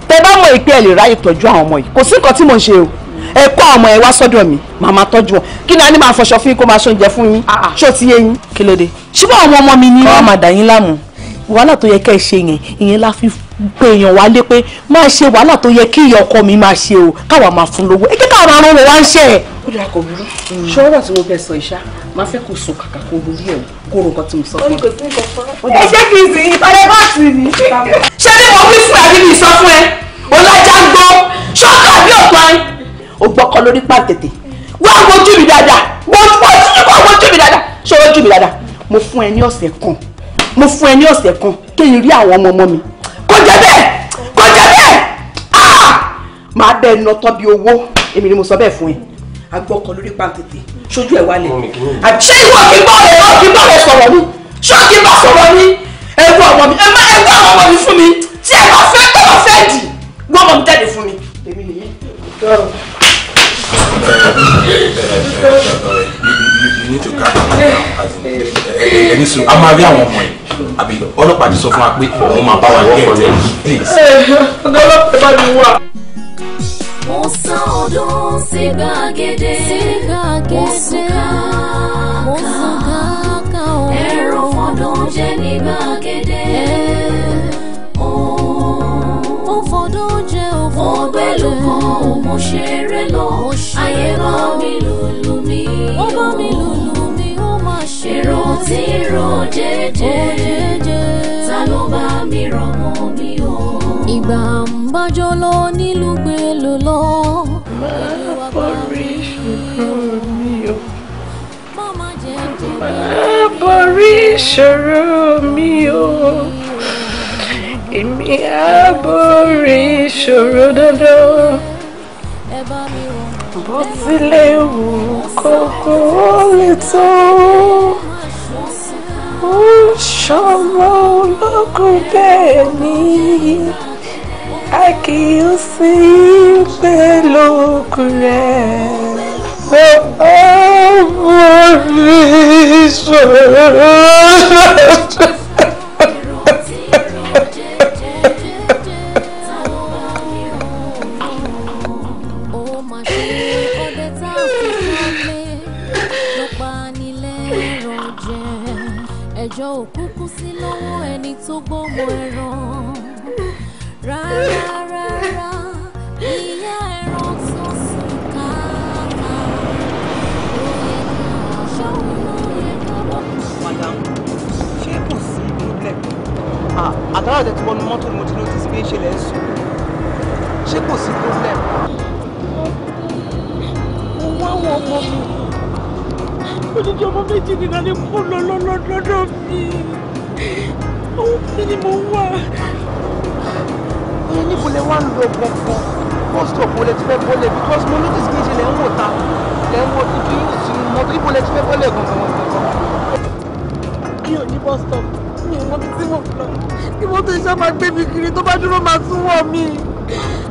tẹ bá mọ ìpín ẹ lè ráyè tọ́jú àwọn ọmọ yìí kò sí nǹkan tí mò ń ṣe o ẹ kó àwọn ọmọ yẹn wá sọ́dọ̀ mi màá máa tọ́jú wọn kí ni a ní máa fọṣọ fún yín kó máa ṣoúnjẹ fún yín ah, ah. ṣó ti yé yín. kí ṣùgbọ́n àwọn ọmọ mi ni wọ́n máa yín láàmú wàhálà tó yẹ kẹ́ ẹ ṣe yẹn ìyẹn la fi pé èèyàn wálé pé máa ṣe wàhálà tó yẹ kí ìyá ọkọ mi máa ṣe o káwa máa fún lówó ẹ kí káwa máa rán wọn wá ń ṣe ẹ. ó dà kò burú ṣọ́rọ̀ tí mo fẹ́ sọ ìṣá máa fẹ́ kó sùn kàkà kó borí ẹ̀ kó ro nǹkan tí mo sọ fún ọ. ẹ ṣé kí n sì ìpàdé bá sì ní. ṣé bí mo wí fún àbí mi sọ fún ẹ ọlájà ń gbọ́ ṣọ́kà bí ọ̀pọ̀n ó gbọ́kọ lórí pàtẹ́tẹ́ wá wojú mi dáadáa mo fún mo fún ẹ ní ọ̀sẹ̀ kan kí n rí àwọn ọmọ ọmọ mi kò jẹ́ bẹ́ẹ̀ kò jẹ́ bẹ́ẹ̀ máa bẹ́ẹ̀ nà tán bí owó èmi ni mo sọ bẹ́ẹ̀ fún ẹ agbọ́kọ̀ lórí pàǹtẹ̀tẹ̀ ṣojú ẹ̀ wálẹ̀ ṣé ìwọ kí bọ́ rẹ̀ ọ́ kí bọ́ rẹ̀ sọ̀rọ̀ mi ṣé kí bọ́ sọ̀rọ̀ mi ẹ wọ ọmọ mi ẹ má ẹ wọ ọmọ mi fún mi tí ẹ bá fẹ́ tó lọ fẹ́ dì wọ́n mọ̀ mi jáde fún mi. èmi nìyí you need to calm down. ẹni sùn a máa rí àwọn ọmọ yìí àbí ọlọ́pàá ti sọ fún wa pé òun máa bá wa ní ẹ̀jẹ̀ please. ọ̀gá ọlọ́pàá bá mi wà. mo sá ọdún sí gbàgede mo sùn káàkà ẹ̀rọ fọdún jẹ́ ní gbàgede. ó fọdún jẹ́ òfò pẹ̀lú kan mo ṣeré lọ ayé bá mi lùlù mi. ó bá mi lùlù ṣèrò tí rò dédé miro ló bá mi rọ̀ mọ́ mi o. ìgbà ń bájọ́ lọ nílùú gbé lò lọ. máa mi o. máa borí ìṣòro mi o. èmi á borí ìṣòro dandan. wù kó kò lè tó ó ṣọmọ ológun bẹ́ẹ̀ ni a kì í sí pé lóògùn rẹ̀ ó mi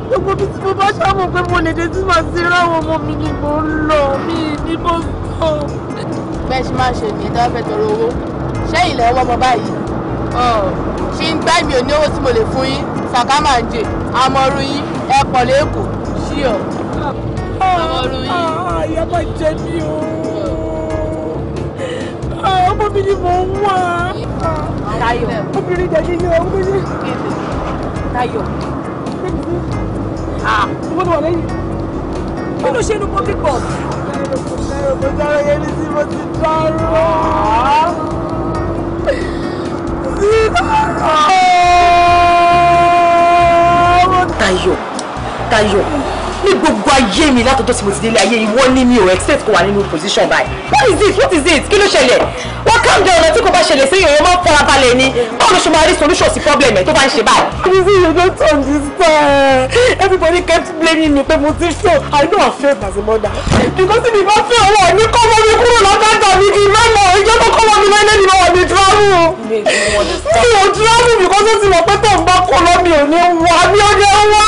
gbogbo bí tí mo bá ṣàmù pé mo lè dé tí màá sí ráwọn ọmọ mi ni mo ń lọ mi ni mo sọ. bẹ́ẹ̀ ṣe máa ṣe nìyẹn tó bá fẹ́ tọrọ owó ṣé ilẹ̀ ọwọ́ ọmọ báyìí ṣe ń gbá mi ò ní owó tí mo lè fún yín sàkámà ń jè àmọ́rú yín ẹ pọ̀ lẹ́kọ̀ọ́ sí ọ. àmọ́rú yín. Ah, ah, ìyá máa jẹ mí o ah, ọmọ mi ni mo ń wá. Táyọ̀ obìnrin jẹ́ kí n yọ mo kí ló ṣe inú public bus. mo dára ní gbogbo ayé mi látọjọ́ tí mo ti délé ayé ìwọ ni mi ò expect kó wà nínú position báyìí what is this what is this kí ló ṣẹlẹ̀ wọ́n calm down ọ̀nà tí kò bá ṣẹlẹ̀ sí èèyàn máa ń fara balẹ̀ ni báwo ló ṣe máa rí solution sí problem ẹ̀ tó bá ń ṣe báyìí. you see you don't understand everybody kept blaming me pé mo ti fail i know i failed as a mother because if ìbá fẹ́ ọwọ́ ní kọ́ mọ́ mi kúrò lọ́kàtà mi kì í mẹ́mọ́ ìjọ tó kọ́ mọ́ mi lẹ́lẹ́ ni mo wà ní travel mi ò travel because ó ti mọ̀ pé tó ń bá kọ́ lọ́ mi ò ní wà mi ò ní wà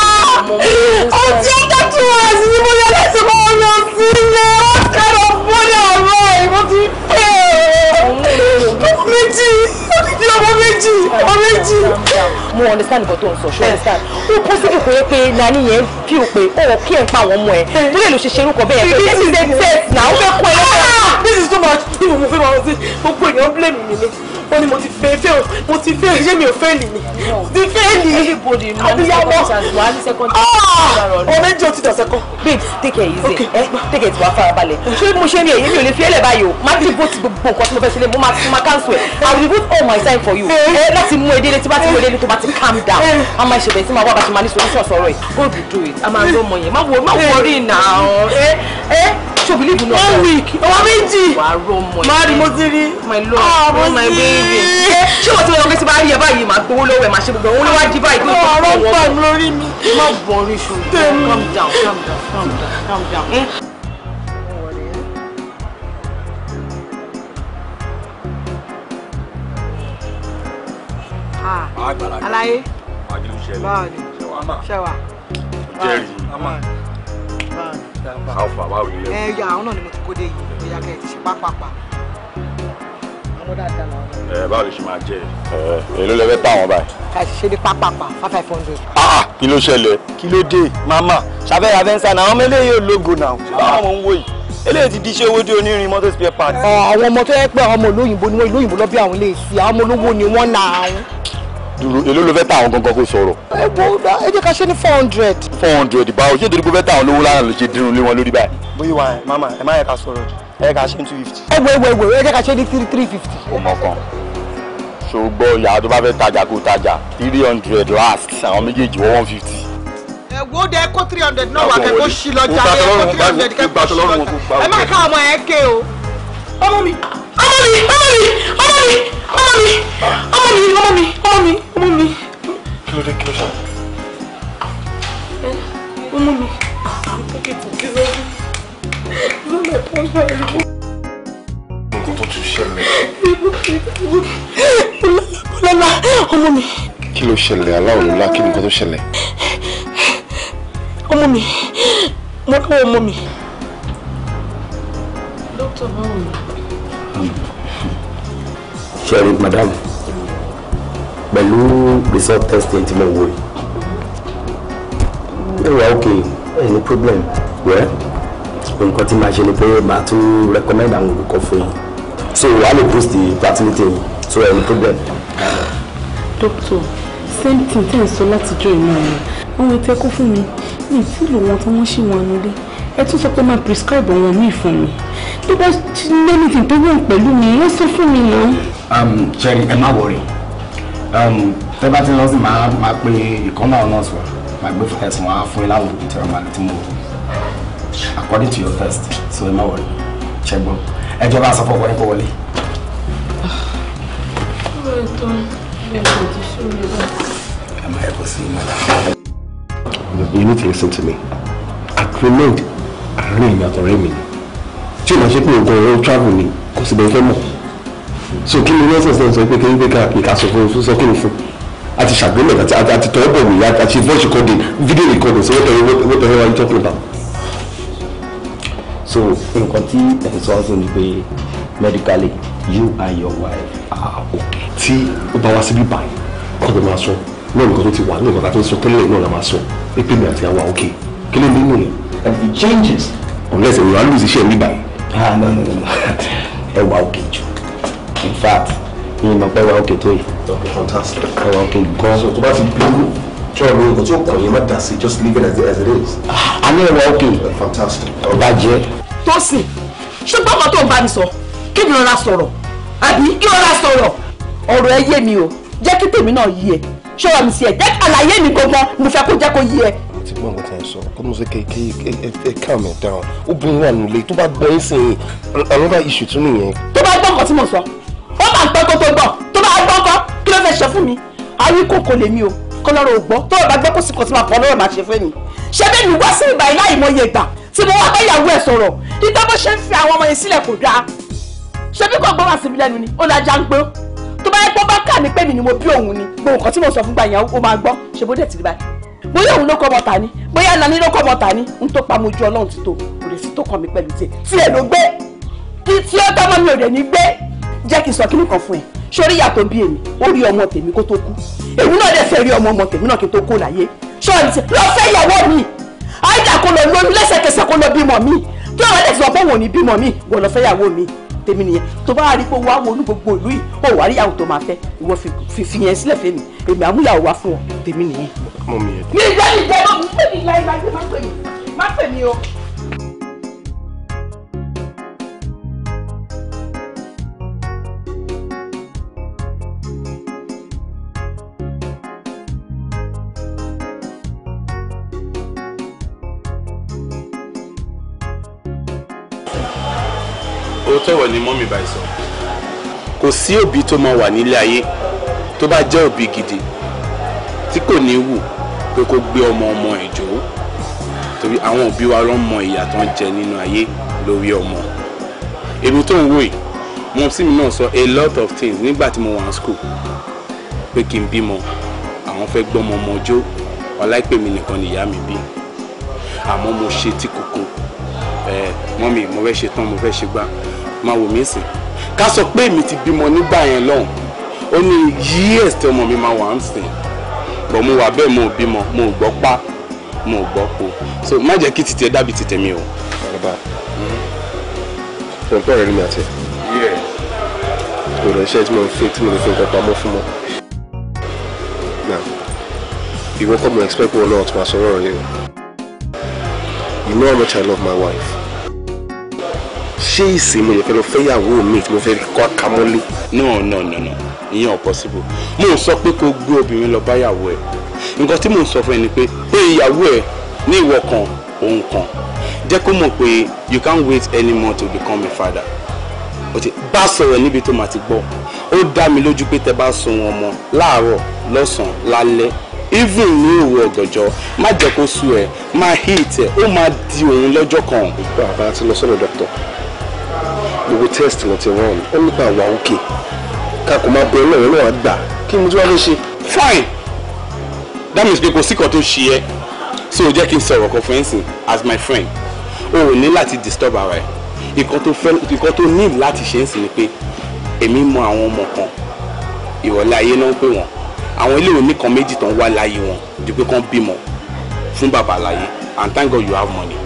ọjọ́ two hours ni mo yẹ láti máa lọ sílé wọ́n kẹ́rọ bóyá ọ̀rọ̀ ìwọ ti mo understand nǹkan tó ń sọ ṣe understand ó possible kò yẹ pé nani yẹn fi ò pé ó kí ẹ̀ pa àwọn ọmọ ẹ̀ tó lè lọ ṣe ṣerú kan bẹ́ẹ̀ pé this is the test na ó fẹ́ kọ́ ẹ lọ́wọ́. Ah! this is too much ìwọ̀n mo fẹ́ máa ń gbogbo èèyàn blame mi ni ó ní mo ti fẹ́ fẹ́ o mo ti fẹ́ ṣé mi ò fẹ́ lì ní ti fẹ́ lì ní abiyamọ ah! ọmọ ẹjọ ti dọ̀sẹ̀ kan. babes take it easy ẹ eh? take it wá farabalẹ̀ ṣé mo ṣe ní èyí mi ò lè fi ẹlẹ̀ báyìí o má ti bó ti gbogbo nǹkan tí mo fẹ́ sílẹ̀ mo máa ma cancel ẹ̀ i will put all my time for you ẹ eh? eh, láti mú edele tí bá ti mú edele tó bá ti calm down a máa ṣẹlẹ̀ tí màá wá bá ṣe máa ní solution sọ̀rọ̀ ẹ̀ go do it a máa lọ́mọ yẹn má wọ má wọrí ìnà ẹ ẹ ṣó bìlíìfù náà. one week ọmọ méjì máa rí mo ti rí ọmọ sí i. ṣé wọ́n ti wọ́n pé tí bá rí ẹ báyìí máa gbowó lọ́wọ́ ẹ̀ máa ṣe gbogbo òun ló wá jí báyìí tó oh, ìtọ́jú ọwọ́ ọ̀rọ̀ ń pọ̀ lórí mi. má bọ̀rin ṣòro calm down calm down calm down calm down. Eh? Ah, alaye báwo ni ṣe wa jẹ́rìí ah, alfa báwo ni ilé. ẹ yà àwọn náà ni mo ti kó dé yìí ìyá kẹ ṣe pápápá. ẹ báwo ló ṣe máa jẹ ẹ èló lẹ fẹ́ tà wọn báyìí. ká ṣe ní pápápá five five hundred. ah kí ló ṣẹlẹ̀. kí ló dé màmá ṣàbẹ̀rẹ̀ àfẹ́nsá náà ọmọ eléyìí ò lógo náà ṣùgbọ́n àwọn ń wò yìí eléyìí ti di iṣẹ́ owó dé onírin mọ́tò spare part. àwọn ọmọ tó yẹ pé àwọn ọmọ olóyìnbó ni wọ́n ìlú òyìnbó lọ bí àwọn ilé ìsì àwọn ọmọ ni wọ́n náà àwọn dúró èló ló fẹ́ tà àwọn gangan kó sọ̀rọ̀. ẹ bọ ẹ jẹ́ ká ṣe ní four hundred. four hundred báwo ṣé ìdílé kó fẹ́ tà àwọn lówó lánàá ló ṣe dírun lé wọn lórí báyìí. bóyá wà mama ẹ má yẹ ká sọ̀rọ̀ ẹ yẹ ká ṣe ní two fifty. ẹ wẹ wẹ ẹ jẹ́ ká ṣe ní three three fifty. o mọ kan ṣùgbọ́n ìyá tó bá fẹ́ tajà kó tajà three hundred last àwọn méjèèjì wọ́n one fifty wo de ko three hundred náà wà kẹ́kọ̀ọ́ sí lọ́jà ayé ko three hundred kẹ́kọ̀ọ́ sí lọ́jà ẹ má ká ọmọ ẹ o ọmọ mi ọmọ mi ọmọ mi ọmọ mi ọmọ mi ọmọ mi. kí ló dé kí ló ṣe. ọmọ mi kìkìkì lọ́dún lọ́dún ẹ̀kọ́ náà rí. nǹkan tó tún ṣẹlẹ̀. bọ́lá ọmọ mi. kí ló ṣẹlẹ̀ aláwọ̀ lọ́la kí nǹkan tó ṣẹlẹ̀. ọmọ mi mo lọ́wọ́ ọmọ mi. dókítà báwo ni ṣẹ́rí madam pẹ̀lú result testing tí mo wò yìí ẹ̀rọ okay ẹ̀ ní problem wẹ́ nǹkan tí màá ṣe ni pé màá tún recommend àwọn olùkọ́ fún yín so wàá lè boost the fertility yín so any problem. doctor same thing tẹ́ ẹ̀ sọ láti jọ ìmọ̀ ẹ̀rọ ohun ìtẹ́kọ́ fún mi mi ì sílò wọn tí wọ́n ṣì wọn nílé ẹ tún sọ pé máa prescribe àwọn míì fún mi tó bá ti lẹ́nu tí tó wọ̀n pẹ̀lú mi ẹ sọ fún mi náà. Cherry um, ẹ má wọrí um, tẹ bá ti lọ sí máa máa pe ìkànnà nọ́ọ̀sì wa máa gbé ẹ̀sùn wa fún iláwọ̀ ìtura màálù tí mo wò according to your test so ẹ má wọrí ṣẹgbọn ẹjọ bá sọ fọwọ́ ẹ kó wọlé. You need to listen to me. Agreement àárín èmi àtọ̀rẹ́ mi ni tí o máa ṣe pé oògùn ọ̀rọ̀ travel ni kò sì bẹ́ẹ̀ fẹ́ mọ̀ so kí ni nọ́ọ̀sì ṣe ń sọ pé kí n gbé ká ìkàsọ̀ fún un sọ kí ni fún a ti ṣàgbémọ̀ àti àti tọ́ ẹ̀bọ̀ mi àti voice recording video recording so what the hell are you talking about. so nǹkan tí ẹ̀ sọ ọ́ sọ ni pé medically you and your wife are okay. tí ó bá wá síbí báyìí ọ̀dọ̀ máa sọ náà nǹkan tó ti wà náà nǹkan tó ń sọ tẹ́lẹ̀ náà la máa sọ pé pèmí àti àwa okay kí ló ń bí it changes. unless ẹ̀rọ á lùsí iṣẹ́ mi báyìí. ah no no no ẹ wà òkè jù in fact mi ì mọ̀ pé ẹ wà òkè tó yìí. ok fantastic. ẹ wà òkè gan. so tó bá ti bí wú tíwọ́n mi nǹkan tí ó kàn yín má dà sí just leave it as it, as it is. Ah, a ní ẹ wà òkè. fantastic. ọba jẹ. Tósìn ṣé gbọ́dọ̀ tó ń bá mi sọ kí ni ọ̀rá sọ̀rọ̀ àbí kí ọ̀rá sọ̀rọ̀ ọ̀rọ̀ ẹ yé mi o jẹ́ kí tèmi náà yé ẹ ṣọ́ra mi sí ẹ jẹ́ àlàyé mi gbọ́ngàn mo fẹ́ kó jẹ́ kó yé ẹ ti gbọ́ nǹkan tí ẹ sọ kó mo ṣe kí ẹ calm me down obìnrin wà nílé tó bá gbọ́ yín sìn another issue tún nìyẹn. tó bá gbọ́ nǹkan tí mo sọ ó máa ń pẹ́ kó tó gbọ́ tó bá gbọ́ kọ́ kí ló fẹ́ ṣe fún mi ayé kòkò lèmi o kọ́ lọ́rọ̀ ògbọ́ tó bá gbọ́ kó sì kọ́ sí máa pọ̀ lọ́rọ̀ máa ṣe fún mi ṣé bẹ́ẹ̀ ni wá sí ìgbà ilá ìmọye ìgbà tí mo wá bá ìyàwó ẹ̀ sọ̀rọ̀ nígbà bó ṣe ń fi àwọn ọmọ yẹn sílẹ̀ kò dáa ṣé bí kò gbọ́ wá síbi lẹ́nu ni ó lajà ń gbọ́ tó bá yẹ kó bá kà mí pé mi ni mo bí òun ni gbogbo nǹkan tí mo sọ fún gbà yẹn ó máa gbọ́ ṣe bó dẹ̀ ti rí báyìí bóyá òun ló kọ́ ọmọ ta ni bóyá nani ló kọ́ ọmọ ta ni n tó pa mojú ọlọ́run ti tó kò lè sí tó kàn mí pẹ̀lú tiẹ̀ tiẹ̀ ló gbé tí tí ó tọ́mọ mi ò dẹ̀ ní gbé jẹ́ kí n sọ kíní kan fún ẹ sórí yàtọ̀ bí èmi ó rí ọmọ tèmi kó tó kú èmi náà dẹ̀ fẹ́ rí ọmọ ọmọ tèmi náà kí n tó kó láyé ṣọ́ọ̀rì tí lọ fẹ́ ìyàwó mi àìdá lọ lóyún lẹ́sẹ̀kẹsẹ̀ kó lọ bímọ mi tí ọ̀rẹ́ dẹ̀ sọ tèmi nìyẹn tó bá rí pé wàá wọnú gbogbo ìlú yìí ó wàá rí ìyàwó tó máa fẹ́ ìwọ fi yẹn sílẹ̀ fẹ́mi èmi àmúyàwó wa fún ọ tèmi nìyẹn. mi yẹn. ní máa ń pè mí láyé máa ń pè mí máa ń pè mí o. ó tọ̀wọ̀ ni mọ́mì bá sọ. kò sí òbí tó máa wà nílé ayé tó bá jẹ́ òbí gidi tí kò ní wù pé kó gbé ọmọ ọmọ ẹ̀ jò ó torí àwọn òbí wa ló mọ ìyà tó ń jẹ nínú ayé lórí ọmọ èmi tó ń wò yìí mo sì mi náà sọ a lot of things nígbà tí mo wà ní school pé kí n bímọ àwọn fẹ́ gbọ́mọ ọmọ ọjọ́ ọláìpẹ́ mi nìkan nìyá mi bí àmọ́ mo ṣe tí kòkó ẹ mọ́mì mo fẹ́ ṣe tán mo fẹ́ ṣe gbà máa wò mí sìn ká sọ pé èmi ti bímọ nígbà yẹn lọ́hùn ó ní years tí ọmọ mi máa wà ń sìn bọ̀ mo wà bẹ́ẹ̀ mo bímọ mo gbọ́ pa mo gbọ́ po so má jẹ́ kí títẹ dàbí títẹ mi o. bàbá ṣòǹpẹ́ rẹ̀ ni mi àti ẹ̀ kò lọ iṣẹ́ tí mo fi tí mo lè fi nǹkan pamọ́ fún mọ́ ìwọ kọ́ mo expect wọn náà tó máa sọ ọ̀rọ̀ yìí o you know how much I love my wife ṣé ìsìn mo yẹ fẹ́ lọ fẹ́ ìyàwó mi tí mo fẹ́ kọ́ akamọ́lé. no no no no ìyẹn ò possible mo ń sọ pé kó gbé obìnrin lọ bá ìyàwó ẹ nǹkan tí mo ń sọ fún ẹ ni pé pé ìyàwó ẹ ní ìwọ kan òun kan jẹ́ kó mọ̀ pé you can't wait any more to become a father bá sọ̀rọ̀ níbi tó máa ti gbọ́ ó dá mi lójú pé tẹ bá sun wọn mọ́ láàárọ̀ lọ́sàn-án even ní òru ọ̀gànjọ́ má jẹ́ kó sú ẹ má hí ìtẹ̀ ó máa di òun lọ́jọ́ kan. bàbá ti lọ sọ́dọ̀ dọ́kítọ̀ gbogbo test mo ti rán ọ nípa àwa òkè kakò máa bẹ náà náà gbà kí mo tún wá lè ṣe. fine that means pé kò sí kan tó ṣe ẹ́ so jẹ́ kí n sọ̀rọ̀ kan for instance as my friend o ò ní láti disturb ara ẹ̀ nǹkan tó fẹ́ nǹkan tó need láti ṣe ń sìn ni pé èmi mọ àwọn ọmọ kan ìrọ̀lẹ́ ayé náà ń pè wọ́n àwọn ilé ìwé nìkan méjì tán wá láyé wọn ju pé kán bímọ fún bàbá láyé and thank God you have money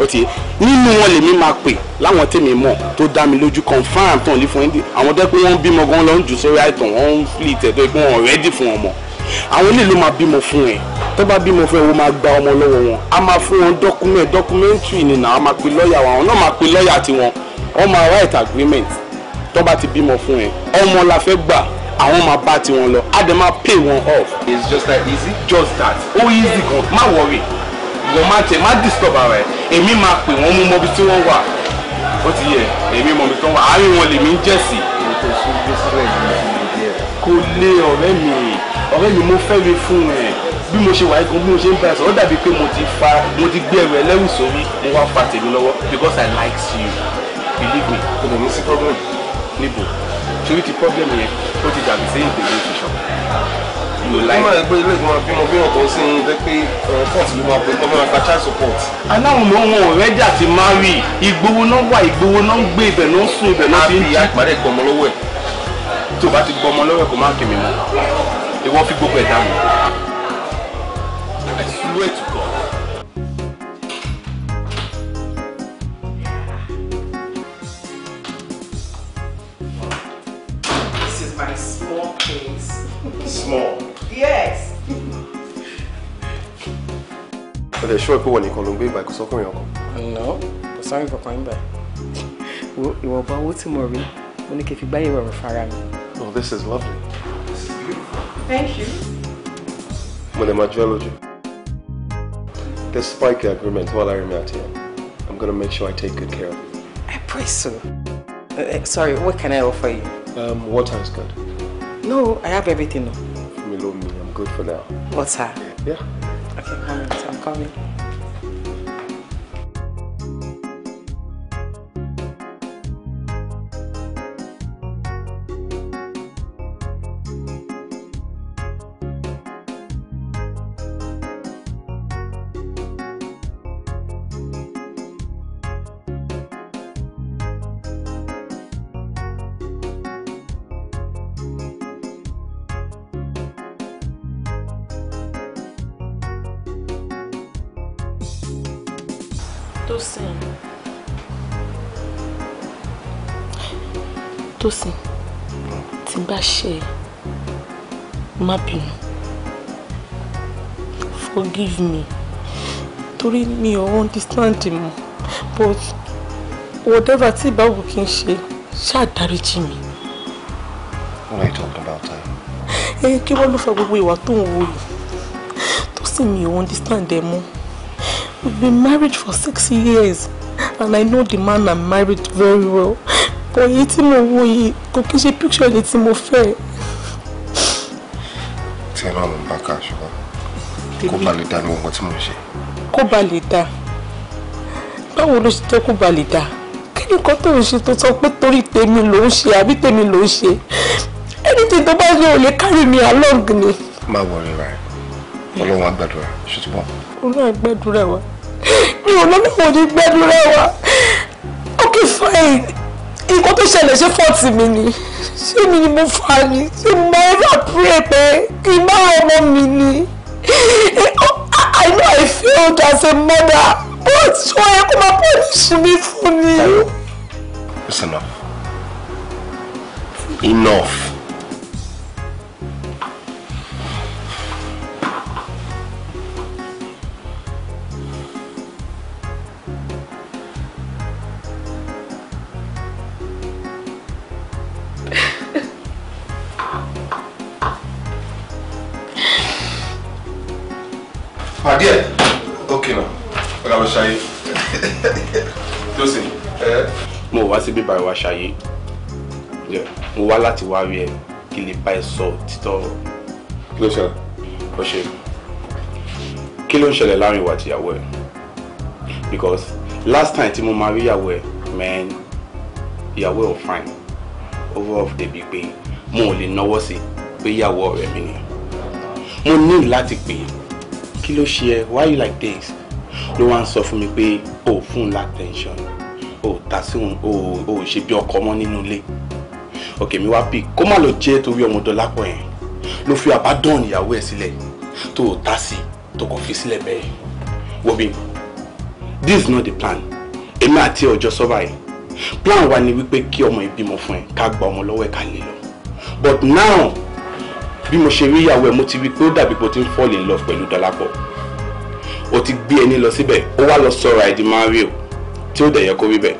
ó ti nínú wọn lèmi máa pè láwọn tèmi mọ̀ tó dá mi lójú confam tán ní fún ẹ́ àwọn dẹ́ pé wọ́n ń bímọ gan lọ́n jù sórí àìtàn wọ́n ń fi ìtẹ̀tọ́ pé wọ́n rẹ́dì fún ọmọ àwọn ilé ló máa bímọ fún ẹ tó bá bímọ fún ẹ wọ́n máa gba ọmọ lọ́wọ́ wọn a máa fún wọn dọ́kúmẹ̀ dọ́kúmẹ́ntì nìyà a máa pe lọ́ọ̀yà wọn àwọn náà máa pe lọ́ọ̀yà tiwọn wọ́n máa write agreement tó bá ti bímọ fún ẹ ọmọ la fẹ́ gbà àwọn máa bá tiwọn lọ á dẹ̀ máa pay wọn off. it's just that easy just that ó easy gan má worry wọ́n má tẹ̀ má disturb ara ẹ̀ èmi máa pè wọ́n mú mọ́bi tí wọ́n wà ó ti yẹ èmi mọ́bi tí wọ́n wà àárín wọn lèmi ń jẹ̀sì. kò lè ọ̀rẹ́ mi ọ̀rẹ́ mi mo fẹ́ mi fún ẹ̀ bí mo ṣe wà igun bí mo ṣe ń bá ẹ sọ̀rọ̀ dàbí pé mo ti fa mo ti gbé ẹrù ẹlẹ́rù sórí mo wá fa tèmi lọ́wọ́ because I like you believe me kò lè ní sí problem níbo torí ti problem yẹn ó ti dàbí sẹ́yìn tèmi ìṣòṣọ́ you like. ìmọ̀ ẹgbẹ́ ilé ìgbìmọ̀ bímọ bímọ tó ń sin in jẹ́ pé eh, court ló máa pe tọ́mọ àgbà child support. aláwọn ọmọ wọn ọ̀rẹ́dì àti mari ìgbowó náà wà ìgbowó náà ń gbé ibẹ̀ náà sùn ibẹ̀ náà fi ń jí. a fi àpárẹ gbọmọ lọ́wọ́ ẹ tó bá ti gbọmọ lọ́wọ́ ẹ kò má kì mí mọ fi gbogbo ẹ dànù. small. Yes. Ó lè ṣọ́ ẹ pé wọ́n nìkan ló ń gbé ìgbà ìkọ́sọ́ fún ìyànkọ́. Àná kò sáré kankan ń bà. Wo ìwọ̀nba owó tí mo rí, mo ní Oh, this is lovely. This is beautiful. Thank you. My lè máa jẹ́ lójú. Despite agreement while I mi here, I'm going to make sure I take good care of you. I pray so. Uh, uh, sorry, what can I offer you? Um, water is good. No, I have everything now good for that. Yeah. Okay, coming. I'm coming. bá ṣe má bínú forgive me torí mi ò understand mọ́ but whatever tí ìbáwò kí n ṣe ṣáà dáríjì mi. What are you talking about? ẹ kí wọ́n ló fa gbogbo ìwà tó ń wò yìí tó sì mi ò understand ẹ mọ́. We've been married for six years and I know the man I'm married very well ọ̀pọ̀ yìí tí mo wo yìí kò kí ṣe píkṣọ̀ yìí tí mo fẹ́. tí ẹ máa mú bá ká ṣùgbọ́n kó ba lè dá ní gbogbo tí mo ṣe. kó ba lè dá báwo ló ṣe tẹ́ kó ba lè dá kí ni nǹkan tó ń ṣe tó sọ pé torí tèmi ló ń ṣe àbí tèmi ló ń ṣe ẹni tí tó bá ṣe ò lè kárí mi along ni. má wọrí ra ẹ ọlọ́run àgbàdúrà ṣùgbọ́n. ọlọ́run àgbàdúrà wa mi ò lọ́nà òní gbàdúrà wa okay fine ṣẹlẹ̀ ṣé fọ́ọ̀tì mi ni ṣé mi ni mo fà ni ṣé mo máa ń rà pé kí n má ọmọ mi ni I know I failed as a mother but ṣọ ẹ kó máa punish mi fún ni. Listen up. Enough. wá ṣayé mo wá láti wá rí ẹ kí lè bá ẹ sọ títọ́ ọ̀rọ̀. kí ló ṣẹlẹ̀. ó ṣe kí ló ń ṣẹlẹ̀ láàrin ìwà àtìyàwó ẹ because last time tí mo máa rí ìyàwó ẹ man ìyàwó ẹ ò fine overall débi pé mo ò lè náwó sí pé ìyàwó ọ̀rẹ́ mi ni mo ní láti pè é kí ló ṣe ẹ why you like this ló wá ń sọ fún mi pé o fún un la tension o ta sí òun o ò ṣe bí ọkọ mọ́ nínú ilé òkè mi wá pè kó má lọ jẹ́ torí ọmọ Dọlápọ̀ yẹn ló fi àbádọ́n ìyàwó ẹ̀ sílẹ̀ tó o ta sí tó kàn fi sílẹ̀ bẹ́ẹ̀ wọ́bí this is not the plan èmi àti ọjọ́ sọ́ba yìí plan wa ni wípé kí ọmọ ìbímọ fún ẹ ká gba ọmọ lọ́wọ́ ẹ̀ ká lè lọ but now bí mo ṣe rí ìyàwó ẹ mo ti rí pé ó dàbí pé o ti ń fall in love pẹ̀lú Dọlápọ̀ o ti gbé ẹni lọ síbẹ̀ ó wá lọ sọ̀rọ̀ ẹ̀ di mario tí ó dẹ̀ yẹ kó rí bẹ́ẹ̀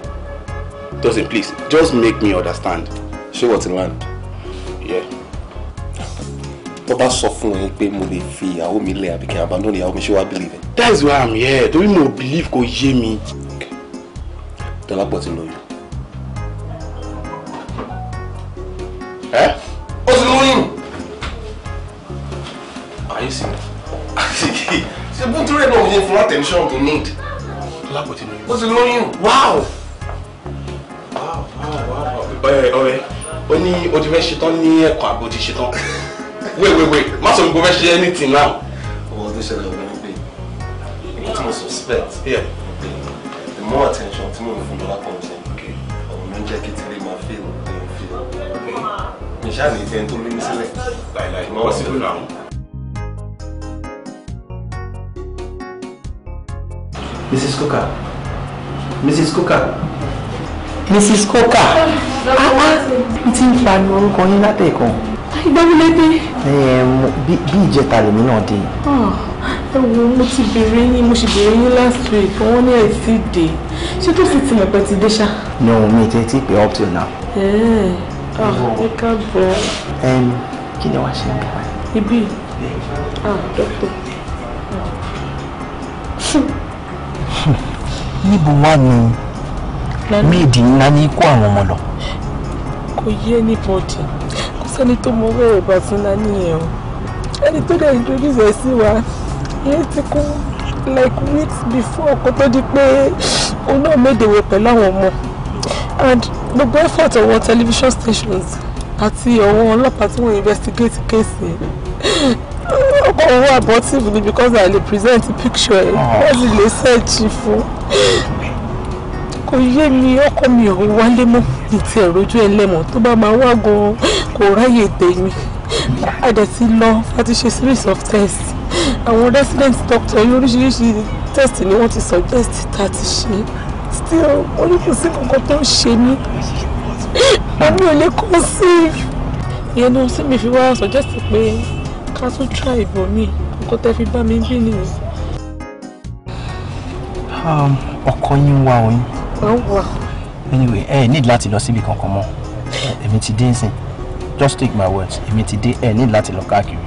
Tosin please just make me understand ṣé wọ́n ti land yeah. tó bá sọ fún ẹ pé mo lè fi ìyàwó mi lẹ àbíkẹ́ abandon ìyàwó mi ṣé wàá believe ẹ. that is why i'm here torí mo believe kò yé mi. Dọlápọ̀ ti lóyún. ẹ ó ti lóyún. ayé sì ṣe bùtúrẹ́ náà ò yẹ fún attention to need lápò tí mo yún. ó ti lóyún wáò. ọ̀rẹ́ o ní o ti fẹ́ ṣetán ní ẹ̀kọ́ àbò ti ṣetán wait wait wait má sọ mi fẹ́ ṣe anything now. ọwọ́ tó ṣẹlẹ̀ ọ̀gbẹ́ ni pé èyí tí mo suspect pé the more attention tí mo ń fún lọ́la kan ṣe ọ̀rọ̀ ló ń jẹ́ kí tilé máa fail ní fail. mi ṣáà lè jẹun tó lé mi sílẹ̀. láìláì wọ́n sì lò náà. Mrs. Coker. Mrs. Coker. Mrs. Coker. N ti ń pariwo orúkọ yín látẹ̀kàn. Ìgbàmílédé. Bí ìjẹta lèmi náà dé. Ah, ẹ wo mo ti bèrè yín mo sì bèrè yín last week wọ́n ní ẹ̀ sí dé. Ṣé tó sì ti mọ̀ pé ti dé ṣá? No, mi ti ti pè up till now. Ẹ̀ẹ́ ah, ẹ káàbọ̀. Kí ni wàá ṣe ń bá? Ibi. Ah, doctor. Ah. [LAUGHS] níbo wà ní méèdì ńlá ní kó àwọn ọmọ lọ. kò yé anybody kò sẹ́ni tó mọ ọwọ́ ẹ̀bà náà nìyẹn o ẹni tó dẹ̀ introduce ẹ̀ sí wa yẹn ti kú like weeks before kó tó di pé òun náà médèwé pẹ̀lú àwọn ọmọ and gbogbo effort ọwọ́ television stations àti ọwọ́ ọlọ́pàá tí wọ́n investigate case ọkọ̀ owó abortive ni because I lè present picture ẹ̀ ah. wọ́n sì lè sẹ́ẹ̀tì fún kò yé mi ọkọ mi ò wálé mọ́ ní ti ẹ̀rọjú ẹlẹ́mọ̀ tó bá máa wá gan-an kò ráyè tèmi àdẹ̀tí lọ láti ṣe series of tests àwọn resident doctor yóò oríṣiríṣi test ni wọ́n ti suggest ta ti ṣe still wọ́n ní kò sí kankan tó ń ṣe mí àmì ò lè kọ́ sí ìyẹn ni wọ́n sì mi fi wá suggest pé ká tún tra ìbò mi nǹkan tẹ́ fi bá mi bí nìyí. Um, ọkọ yín wá oyún. ó wà. anyway ẹ ẹ need láti lọ síbi kankan mọ́ èmi ti dé nsìn just take my words èmi ti dé ẹ need láti lọ káàkiri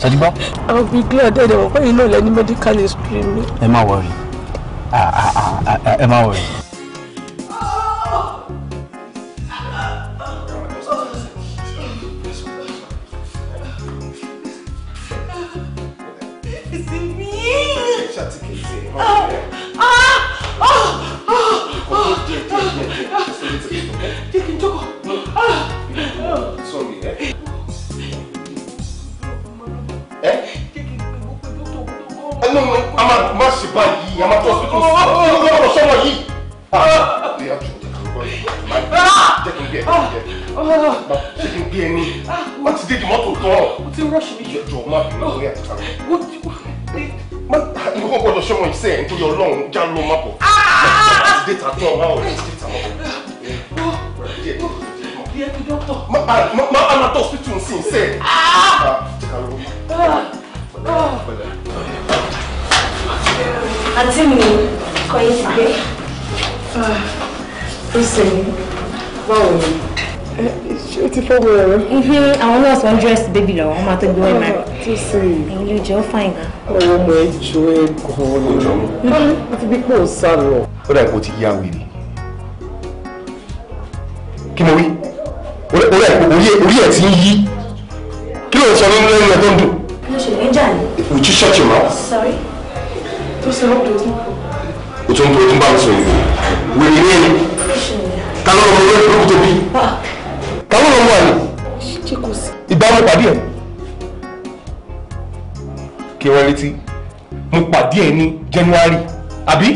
ṣẹ́dí gbọ́. i'll be glad ẹ̀dẹ̀ wọ̀ pé iná lẹ́ni medical history mi. ẹ má wọrí ah, ah, ah, ẹ má wọrí. ìyá máa tó hospital inú gbọ́dọ̀ lọ sọ́mọ yìí. ìyá jù jẹ́ kí n gbé ẹni jẹ́ ṣé kí n gbé ẹni má ti dé di mọ́tò tán. o ti rọ́ọ̀ṣì mi jọ jọ má bínú lórí àti kàwé. má inú kò gbọ́dọ̀ sọ́mọ yìí sẹ́yìn nítorí ọlọ́run já ló má bọ̀. má ti dé ta tán má ò ní ti dé ta mọ́ bien to doctor. Ma ma ma ma ma to hospital sin se. Ah! Ah! Ah! àti mi kọ́ yín ti gbé. Ah, ó ṣe ní báwo ni. ṣé o ti fọwọ́ rẹ. Mhm, àwọn nurse wọn dress baby lọ wọn máa tó gbé wọn náà. Ah, tó ṣe yìí. èyí ló jẹ́ ó fàìn gan. ọwọ́ ọmọ ẹ jọ ẹ gan-an ni. ó mhm, ti bí pé ò sá lọ. ó dà ipò ti yá wèrè. kí ni wí orí ẹ̀ ti ń yí kí ló ń sọ nínú ẹ̀rọ tó ń dùn. mo ṣèlérí jà ní. would you shut your mouth. sorry o tún tó o tún bá mi sọ̀rọ̀ wèrè ní ẹni kálọ́ ọmọ ìwé burúkú tóbi kálọ́ ọmọ wà ní ìgbà mo pàdé ẹ̀ kí wọ́n létí mo pàdé ẹ̀ ní January àbí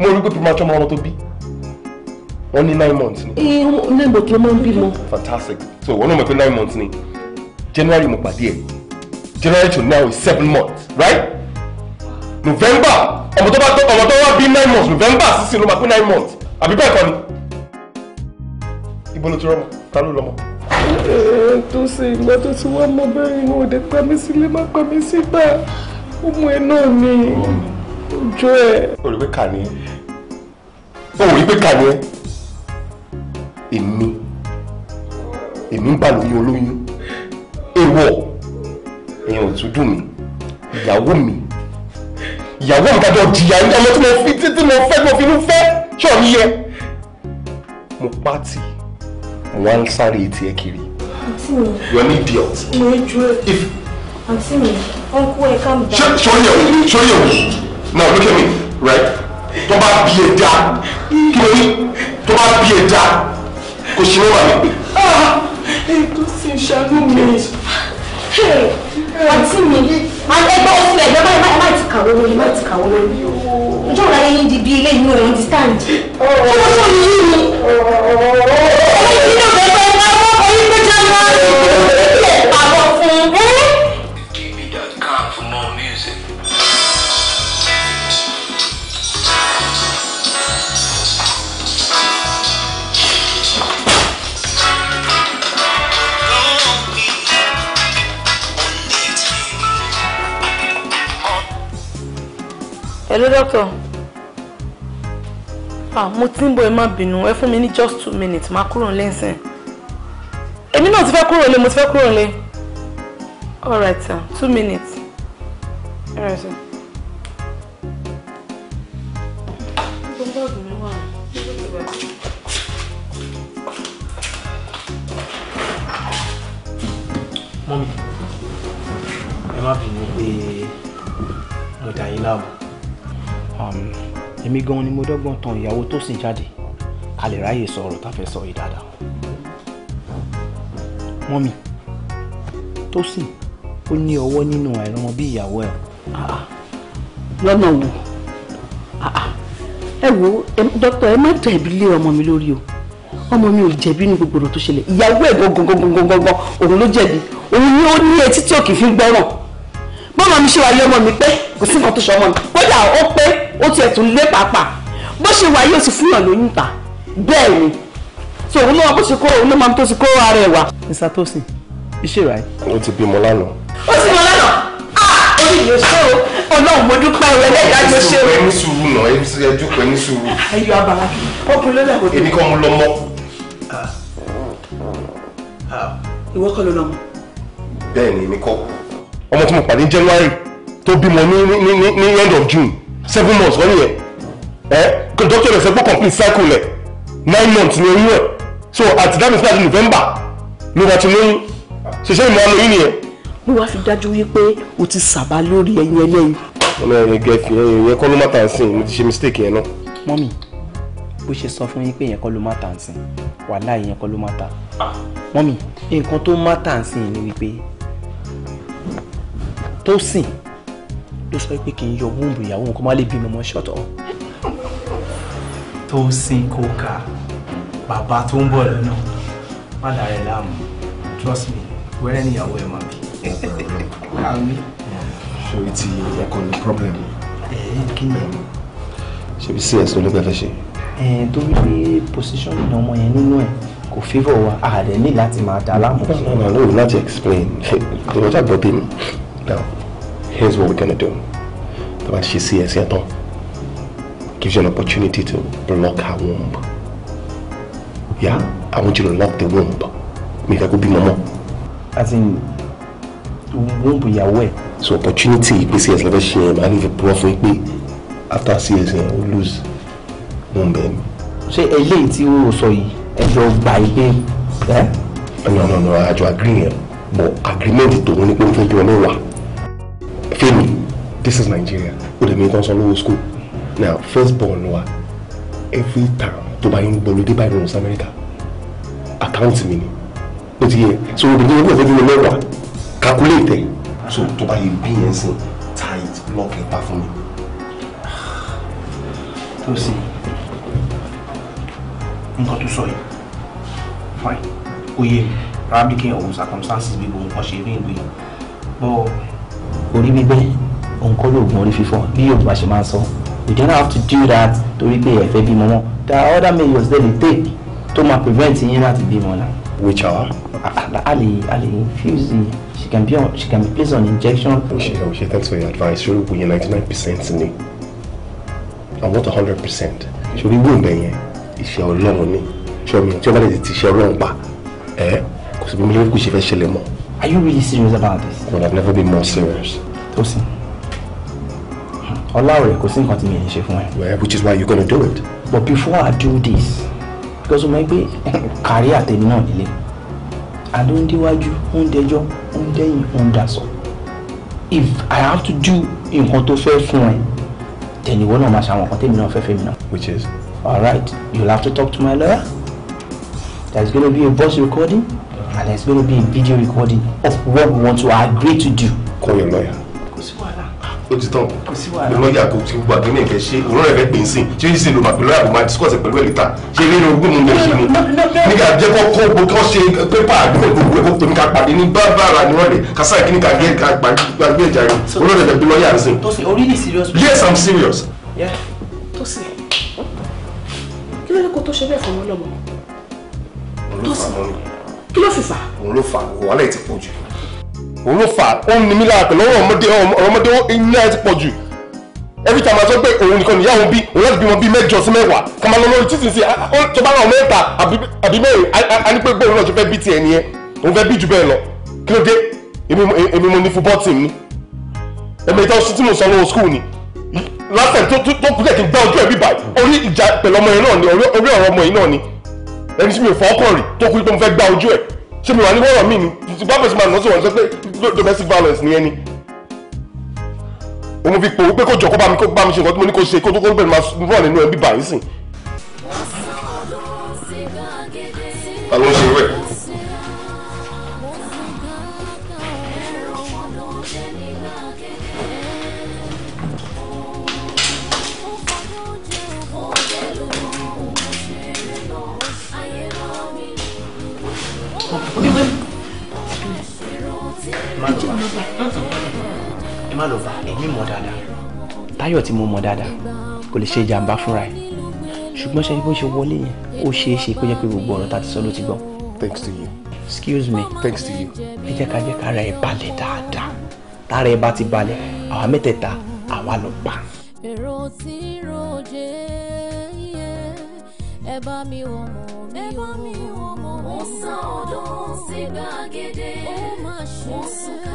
mo rí pé premature ọmọ tó bí wọ́n ní nine months ni. ee nine months ló máa ń bímọ. fantastic so wọ́n náà mọ̀ pé nine months ni January mo pàdé ẹ̀ January to now is seven months right november ọmọ tó bá tó ọmọ tó wá bí nine months november sísìn ló máa pín nine months àbí bẹ́ẹ̀ kọ́ ni. ibo ló ti rọ́mọ ta ló lọ́mọ. tó ṣe ìgbà tó ti wá mọ bẹ́ẹ̀ ni wọn ò dé pa mí sílé má pa mí síta ọmọ ẹ náà ni ojú ẹ. olùgbé kà ní ẹ òwò ìgbé kà ní ẹ èmi èmi ń bà lóyún olóyún èèwọ̀ èèyàn ò dùn mí ìyàwó mi ìyàwó mi kájọ jìyà ọmọ tí mo fi tí mo fẹ́ tí mo fi inú fẹ́ ṣọ́ mi yẹ. mo pàtì wọn ń sáré etí ẹ kiri. àǹtí mi you are an idiot. mo ń ju ẹ àǹtí mi ọkọ ẹ calm down. ṣé ṣọyẹ o ṣọyẹ o now look at me right tó bá bí ẹ kí ló rí tó bá bí ẹ kò sí ní wà mí. ètò sì ń ṣàánú mi àǹtí mi ẹgbẹ́ oṣù ẹgbẹ́ báyìí máa máa ti kàwé lórí máa ti kàwé lórí ojú ọ̀la yẹn di bí ilé inú ẹ̀yìn ti stand ọwọ́ tó yí ni ọ̀rọ̀ yìí ló bẹ̀rẹ̀ pé ọkọ̀ yìí pé jẹ́ máa ń hello doctor ah mo ti ń bọ̀ ẹ má bínú ẹ mi ní just two minutes Ma kúrò nílé nsìn èmi náà ti fẹ́ kúrò nílé mo ti fẹ́ kúrò nílé all right sir two minutes all right sir. Mommy, ẹ má bínú pé mo dà èmi gan ni mo dọ́gbọ́n tan ìyàwó tó sì jáde ká lè ráyè sọ ọ̀rọ̀ táfẹ́ sọ yìí dáadáa mọ́mì tó sì ó ní ọwọ́ nínú àìrọ́mọ bí ìyàwó ẹ̀ lọ́nà wo ẹ wo dókítà ẹ má jẹ̀bi lé ọmọ mi lórí o ọmọ mi ò jẹ̀bi ní gbogbo ọ̀rọ̀ tó ṣẹlẹ̀ ìyàwó ẹ̀ gangan òun ló jẹ̀bi òun ni ó ní etí tí ò kì í fi gbọ́ràn bọ́ọ̀mọ mi ṣe wà lé ọmọ mi pé kò sí nǹkan tó ṣe ọmọ mi kódà ó pé ó tiẹ̀ tún lé pàápàá bó ṣe wà yóò sì fún yàn lóyún ta bẹ́ẹ̀ ni so òun náà bó ṣe kó òun náà máa tó ṣe kó ara ẹ̀ wá. mr tosin iṣẹ́ ìwà yìí. ó ti bímọ lánàá. ó ti bímọ lánàá ah, orí yóò ṣe o ọlọ́run mo dúpẹ́ o ẹlẹ́dàá yóò ṣe o. ẹni sùúrù náà ẹjú pé ní sùúrù. ayọ̀ abala ọkùnrin ló lẹ́kọ̀ọ́ tó. èmi kan mo lọ mọ́. Ah, ah, ìwọ kọ́ ló lọ mọ́. bẹ́ẹ̀ ni èmi kọ́ ọmọ tí mo pàdé January tó bímọ ní ní ní end of June seven months wọ́n nìyẹn ẹ doctor rẹ̀ sọ pé complete cycle rẹ̀ nine months ni oyún ẹ̀ so at that means láti november ló wà ti lóyún ṣiṣẹ́ ìmọ̀ àlóyún nìyẹn. ló wàá fi dájú wípé o ti sàbá lórí ẹyin ẹlẹ́yin. ọmọ ẹ̀yìn gẹ̀ẹ́fì ẹ̀yìn yẹn kọ́ ló má tà sìn mo ti ṣe mistake yẹn náà. mọ́mì bó ṣe sọ fún yín pé yẹn kọ́ ló má tà ń sìn wàhálà yẹn kọ́ ló má tà. mọ́mì nǹkan tó má tà sìn ni wípé tó sìn tó sọ pé kì í yọ wúńbù ìyàwó kó má lè bímọ mọ́ ṣọ́tọ̀. tó sin kó kà bàbá tó ń bọ̀ lọ́nà má dà rẹ̀ láàmú trust me wẹ́rẹ́ níyàwó ẹ̀ máa bí. kàwé. ṣòwò ti ẹ̀kọ́ ní problem. ẹ ẹ kí ni. ṣebí sí ẹ̀sùn ló fẹ́ ṣe. ẹ torí pé position ọmọ yẹn nínú ẹ̀ kò favour wa a rẹ̀ ní láti máa dà láàmú. ọ̀nà lóòrùn láti explain ṣe kò wọ́n ṣàgbọ́ bí mi here's what we're gonna do. The man she sees here, gives you an opportunity to block her womb. Yeah, I want you to lock the womb. Make her go be mama. As in, womb ìyàwó. So opportunity, ìgbésí ẹsẹ̀ e lọ́fẹ́ ṣe máa ní ìfipúrọ́ fún pé after six years e yẹn ó lose womb ẹ̀. Ṣé eléyìí tí sorry. sọ yìí ẹjọ́ gba ìgbé No no no, àjọ agree but agreement to ni pé ó you, bí ọlọ́wà. Femi this is Nigeria o lè mi kàn san lówó school now first born wa every time to buy in gbọ́dọ̀ dé buy in north America account mi ni o ti yẹ so obìnrin yẹn kò fẹ́ fi mi mẹ́wàá calculate so to buy in bí yẹn sìn tight lọ́ọ̀kì pa fún mi. tó sì nǹkan tó sọ fine ó yé mi rábìkì ọ̀hún circumstances bí gbogbo nǹkan ṣe rí ìlú but orí bíbẹ́ òǹkọ́ lóògùn orí fífọ́ bí yorùbá ṣe máa sọ you don't have to do that torí pé ẹ̀fẹ́ bímọ mọ́ there are other measures they dey take to ma prevent yín láti bímọ náà. which are. ali ali infuse the she can be on she can be placed on injection. oṣe oṣe thanks for your advice ṣé oògùn yẹn ninety nine percent ni i want hundred percent ṣé orí wúndẹ̀ yẹn iṣẹ́ ọlọ́run ni ṣé omi tí ọba dẹ̀ ti ṣe ọlọ́run pa ẹ̀ kò sí bí mo lè kú ṣe fẹ́ ṣẹlẹ̀ mọ́. Are you really serious about this? Well, I've never been more serious. Tosin. Olaore, kò sí nǹkan tí mi ní ṣe fún ẹ. Well, which is why you're going to do it. But before I do this, because maybe career tèmi náà nílé. Adó ń déwájú, ó ń dẹjọ́, ó ń dẹ́yìn, ó ń If I have to do in tó fẹ́ fún ẹ, then you won't know ṣe àwọn nǹkan tèmi náà fẹ́ fẹ́ mi náà. Which is? All right, you'll have to talk to my lawyer. There's going to be a voice recording and there's going to be a video recording of what we want to agree to do. call your lawyer. kò sí wàhálà. ó ti tán ní lọ́ọ̀yà tó ti gbà kí ní ẹ̀kẹ́ ṣe òun rẹ̀ fẹ́ pè é sí ṣé ṣe ló máa fi lọ́ọ̀yà tó máa discuss pẹ̀lú ẹ̀ríta ṣé ilé ní ogún mi lè ṣe mu nígbà jẹ́ kó kó gbogbo kó ṣe pépà àdúgbò gbogbo ẹ̀kọ́ tèmi ká pàdé ní bábára ni wọ́n lè kásá ìkíní ká gé ká gbàgbé ìjà rẹ̀ òun rẹ̀ fẹ́ pè lọ́ọ̀yà ń sìn. Tosin, are you serious? Yes, I'm serious. Yeah. Tosin, kí ló dé kó tó ṣe bẹ́ẹ̀ fún ọmọ ọlọ́mọ? Tosin kí ló sì fà. òun ló fà wàhálà yìí ti pọ̀ jù òun ló fà ó ń ni mí lára pẹ̀lú ọ̀rọ̀ ọmọdé ọ̀rọ̀ ọmọdé iná ẹ ti pọ̀ jù every time àti ọgbẹ́ òun nìkan nìyá òun bí òun láti bímọ bíi mẹ́jọ sí mẹ́wàá kà máa lọ lórí títì sí ah, tó bá ràn mẹ́ta àbí mẹ́rin a ní pé gbé òun náà ṣe fẹ́ bí tiẹ̀ nìyẹn òun fẹ́ bí jù bẹ́ẹ̀ lọ kí ló dé èmi mo ní football team ni èmi ìta oṣù tí mo sọ lọ́wọ́ school ni last time tó kúlẹ̀ kí n gbá ojú ẹ̀ bíbá orí ìjà pẹ̀lú ọmọ yẹn náà ni orí ọ̀rọ̀ ọmọ yẹn náà ni ẹni tí mi ò fọ́ ọkàn rí tó kú pé mo fẹ́ gba ojú ẹ̀ ṣé mi wà ní wọ́rọ̀ mi ni ti bá fẹ̀sùn máa nà sí wọn sọ pé domestic violence ni ẹni. òun fi pòwó pé kó jọ kó bá mi kó bá mi ṣe nǹkan tí mo ní kó ṣe kó tó kó bẹ̀rẹ̀ máa rọ̀ nínú ẹ̀ bíbá yìí sìn. ta ló ń ṣe wẹ̀? má lọ fà èmi mọ̀ dáadáa táyọ̀ tí mo mọ̀ dáadáa kò lè ṣe jàǹbá fúnra ẹ̀ ṣùgbọ́n ṣe bó ṣe wọlé yẹn ó ṣeé ṣe kó jẹ́ pé gbogbo ọ̀rọ̀ tá ti sọ ló ti gbọ́. thanks to you. excuse me. thanks to you. ẹ jẹ́ ká jẹ́ ká ara ẹ̀ balẹ̀ dáadáa tára ẹ̀ bá ti balẹ̀ àwa mẹ́tẹ̀ẹ̀ta àwa lọ pa. èrò tí roje ẹ bá mi wò mọ́ mi wò mọ́ mo sá ọdún sí gbàgede mo sùn ká.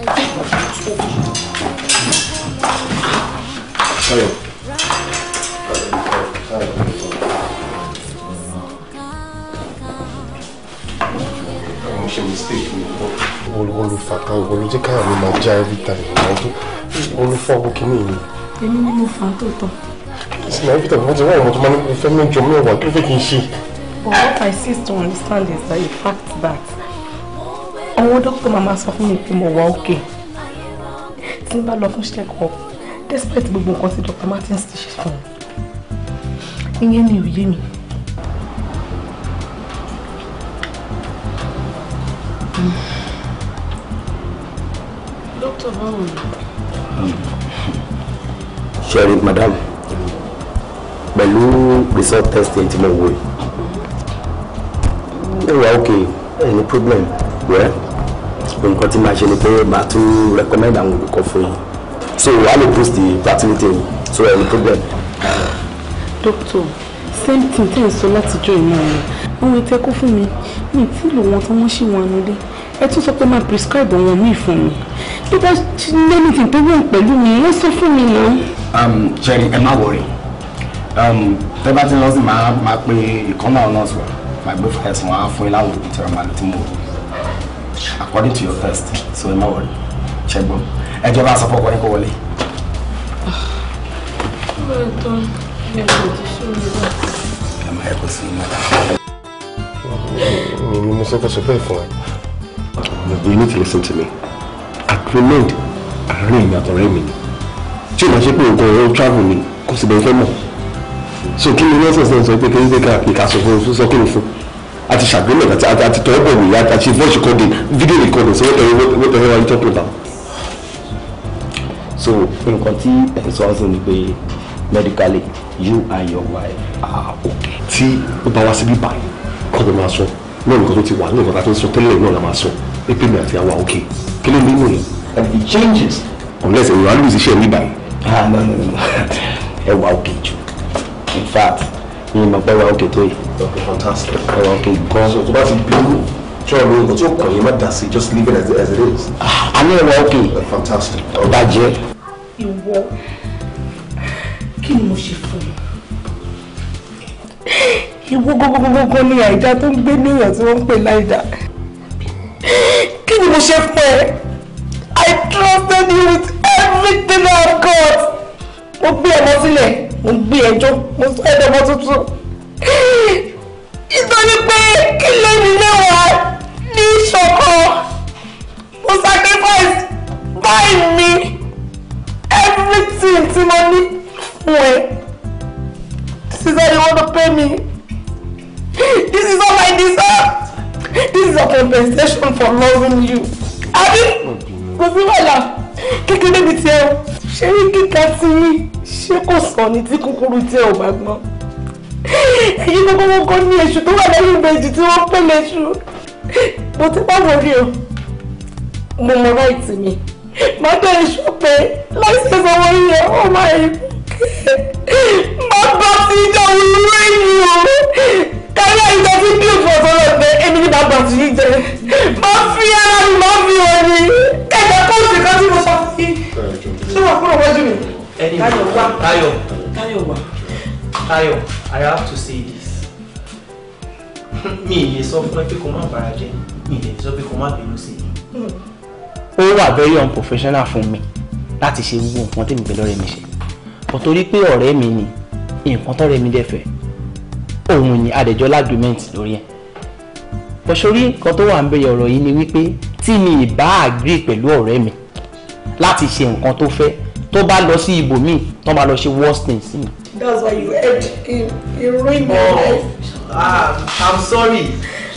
Táyọ̀. àwọn ṣe mistake mi bọ́. olùfàkà ìwọ ló jẹ́ káyọ̀ mi máa já every time ìwọ tó olùfọ́ owó kìíní mi. èmi ni mo fà á tó tọ̀. ìsìnkú every time wọ́n ti wá ìwọ̀n tó máa ní kó fẹ́ mẹ́jọ mẹ́wàá kí ló fẹ́ kí n ṣe. but what I still don't understand is that you packed bags àwọn dókítà máa ma sọ fún mi pé mo wà òkè tí n bá lọ fún check up despite gbogbo nǹkan tí Dr. Martins ti ṣe fún mi ìyẹn ni òye mi. dókítà báwo ni. ṣẹ́rí madam pẹ̀lú result test ẹ̀ tí mo wò yìí ẹ wà òkè ẹ problem wẹ́ẹ́ nǹkan tí máa ṣe ni pé màá tún recommend àwọn olùkọ́ fún yín so wàá lè boost the fertility mi so any problem. doctor same thing tẹ́ ẹ̀ sọ látijọ́ ìmọ̀ rẹ̀ ohun ìtẹ́ kó fún mi mi tí lò wọn tí wọ́n ṣì wọn nílé ẹ tún sọ pé máa prescribe àwọn míì fún mi bí bá lẹ́nu tí n tó wọ̀n pẹ̀lú mi wọ́n sọ fún mi náà. Jerry um, ẹ má wọrí um, tẹ́ bá ti lọ sí máa pé ìkànnì àwọn nọ́ọ̀sì wa máa gbé fàyẹ̀sán wa fún ilé àwọn òkúta ọmọ àlùtí mọ́ òkú according to your test so ẹ má wọlé ṣẹgbọn ẹjọ bá sọ fún ọkùnrin kó wọlé. ẹ máa yẹ kó sí iná. mi mo sọ fẹ́ sọ fẹ́ fún ẹ. you need to listen to me agreement àárín èmi àtọ̀rẹ́ mi ni tí o máa ṣe pé nǹkan ọ̀rọ̀ travel ni kò sì bẹ́ẹ̀ fẹ́ mọ̀ so kí ni wọ́n sọ̀sọ̀ sọ pé kí n ṣe ká àpè ká sọ fún un sọ kí ni fún un àti ṣàgbémọ̀ àti àti tọ́ bọ̀ wòye àti voice recording video recording so wọ́n tẹ̀wé wọ́n tọ́pọ̀ náà. so nǹkan tí ẹ̀ sọ ọ́ sí ni pé medically you and your wife are okay. tí ó bá wá síbí báyìí kọ́ ló máa sọ náà nǹkan tó ti wà náà nǹkan tó ti sọ tẹ́lẹ̀ náà la máa sọ pé mi àti àwa okay kí ló ń bí mú yẹn. and the changes. unless ẹ̀rọ alùpùpù iṣẹ́ mi báyìí. ah no no no ẹ wà okay jù in fact ní ìmọ̀ pẹ́ wa òkè tó yìí. ok fantastic. ẹ gan. so tó bá ti bínú sure lóyún kò tó kàn yín má dà sí just leave it as, as it is. àmì ẹ wa òkè. fantastic. bàjẹ́. ìwọ kí ni mo ṣe fún ọ ìwọ gbogbogbogbogbò ni àìdá tó ń gbé ní tí wọ́n ń pè láìdá kí ni mo ṣe fún ẹ I trust you with everything I got mo gbé ọmọ sílẹ̀ mo gbé ẹjọ́ mo sọ ẹdọmọ tuntun nítorí pé kí lónìí mẹ́wàá ní ìṣọ̀kan mo sacrifice buy me everything tí mo ní fún ẹ this is how you want pay me this is all I deserve this is a compensation for loving you àbí kò sí wàhálà kékeré mi tiẹ̀ ṣe é kíkà sí mi ṣé kò sọ ní tí kúkúrú tí ẹ ò bá gbọ́n ẹ̀yin gbogbo wọn kọ́ ní èṣù tó wà lẹ́yìn ìbejì tí wọ́n pè léṣù mo ti bá wọlé o mo mọ ráìtì mi má dé èṣù pé láìsí ìsanwó yẹ ó má yẹ má bá ti jẹ òwúrọ̀ èyí o kárí àyíká tí bí òfin ọ̀sán rẹ̀ pé èmi ní bàbá ti yí jẹ má fi ara mi má fi wọ̀ ni ẹ̀jẹ̀ kóòtù kan tí mo sọ fún yín ṣé wàá kúrò wájú mi. Anyway, Tayo, wa. Tayo. Tayo, wa. Tayo, I have to say this. [LAUGHS] Me, you sọ fún ẹ pé kó má bara jẹ́, mi lè sọ pé kó má bínú sí i. Ó wà very unprofessional fún mi láti ṣe gbogbo nǹkan tèmi pẹ̀lú ọ̀rẹ́ mi ṣe. But torí pé ọ̀rẹ́ mi ni nǹkan tọ́rẹ́ mi dẹ̀ fẹ́, òun ni àdẹ̀jọ́ lágbèmẹ́ǹtì lórí ẹ̀. Bọ̀ṣorí nǹkan tó wà ń bẹ̀rẹ̀ ọ̀rọ̀ yìí ni wípé tí mi ì bá agree pẹ̀lú That is láti ṣe nǹkan tó fẹ́ tó bá lọ sí ibòmíì tó bá lọ ṣe worst thing sí. that's why you helped him in ruined my oh. life. ah i'm sorry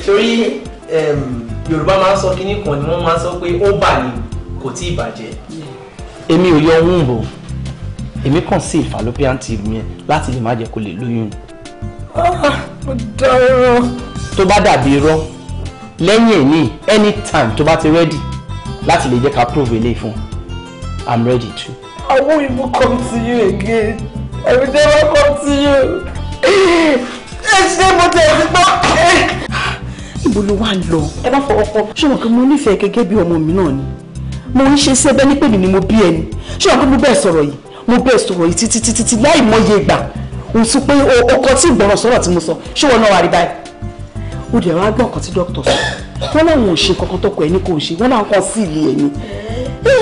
torí um, yorùbá máa ń sọ kínní kan ni wọ́n máa ń sọ pé ó bà ní kò tí ì bàjẹ́. èmi ò yọ ohun bò èmi kàn sí ìfàlópian tì mí láti lè má jẹ́ kó lè lóyún. Ah, ó dọ̀rọ̀. tó bá dàbí irọ́ lẹ́yìn èyí anytime tó bá ti ready láti lè jẹ́ ká prove eléyìí fún i'm ready too. I won't even come to you again. I will never come to you. It's never, mo tẹ̀ sí pọ́. Ibo ló wá lọ? Ẹ bá fọwọ́ Ṣé wọn kí mo nífẹ̀ẹ́ gẹ́gẹ́ bí ọmọ mi náà ni? Mo ń ṣe sí ẹbẹ́ ní pèmí ni mo bí ẹni. Ṣé wọn kí mo bẹ́ẹ̀ sọ̀rọ̀ yìí? Mo bẹ́ẹ̀ sọ̀rọ̀ yìí títí títí láì mọye ìgbà. Òun sọ pé ọkọ tí ìgbọràn sọ̀rọ̀ tí mo sọ, ṣé wọn náà wà rí báyìí? Ó dẹ̀ wá gbọ́ ọ̀kan tí dókítà sọ. Wọ́n láwọn ò ṣe kankan tó kọ ní kò ń ṣe, wọ́n láwọn kan sí ìlú ẹ̀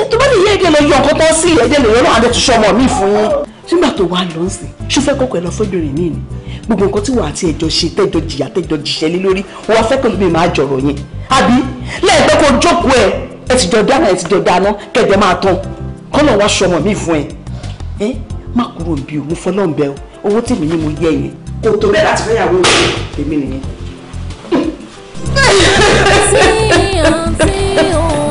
tó bá lè yé èdè lọ yọ ọkọ tán sí ẹ̀jẹ̀ lè yọ náà àdẹ tuṣọ ọmọ mi fún yín. nígbà tó wà lọ sí ṣó fẹ́ kọ́kọ́ ẹ lọ fọ́jọ́rìn ní ni gbogbo nǹkan tí wà á ti ẹjọ́ ṣe tẹ́jọ́ jìyà tẹ́jọ́ jìṣẹ́ lé lórí wọ́n fẹ́ pẹ̀lú mi máa jọ̀rọ̀ yẹn àbí lẹ́ẹ̀gbẹ́ kó jókòó ẹ ẹ ti jọ dáná ẹ ti jọ dáná kẹ̀jẹ̀ máa tán kọ́nà wá ṣọmọ mi fún ẹ ẹ má kúrò bí o mo fọlọ́n bẹ o owó tèmi ni mo yẹ yẹn kò tó bẹ́ẹ̀ láti fẹ́yàwó rẹ tèmi nìyẹn. Oh.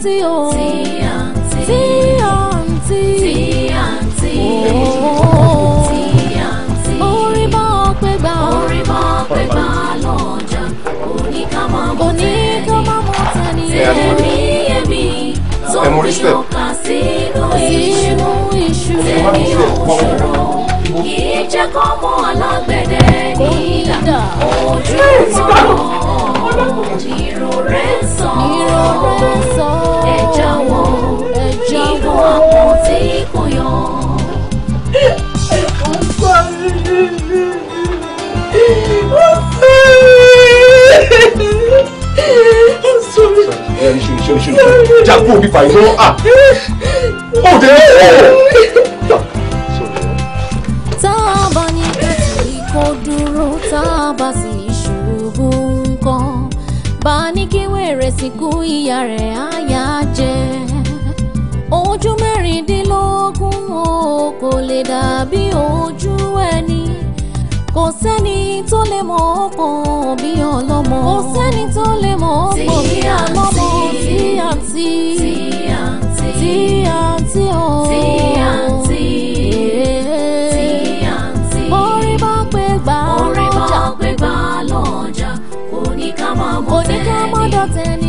àǹtí Oh, tí àǹtí. tí àǹtí. tí àǹtí. tí àǹtí. orí bá ọ pé gbà. orí bá ọ pé gbà lọ́jà. òní ká máa mọ tẹ́ni. òní ká máa mọ tẹ́ni. tẹ̀mí ẹ̀mí. tó ní ọkà sínú iṣu. iṣu. tẹ̀mí òṣòro kì í jẹ́ kọ́ mọ́ alágbẹ̀dẹ nídà. ojú ìfọ̀rọ̀ ìrọ̀rẹ́ sọ ẹ jáwọ́ nínú àpò tí kò yọ. Jago bí fa iná à. Ó dé ó. Tá a bá ní kí kò dúró tá a bá sì. àsìkò ìyá rẹ̀ àyà jẹ ojú mẹ́rìndínlógún o kò lè dàbí ojú ẹni kò sẹ́ni tó lè mọ̀ ọ̀pọ̀ bí ọlọ́mọ kò sẹ́ni tó lè mọ̀ ọ̀pọ̀ bí ọlọ́mọ tí àǹtí tí àǹtí o tí àǹtí tí àǹtí orí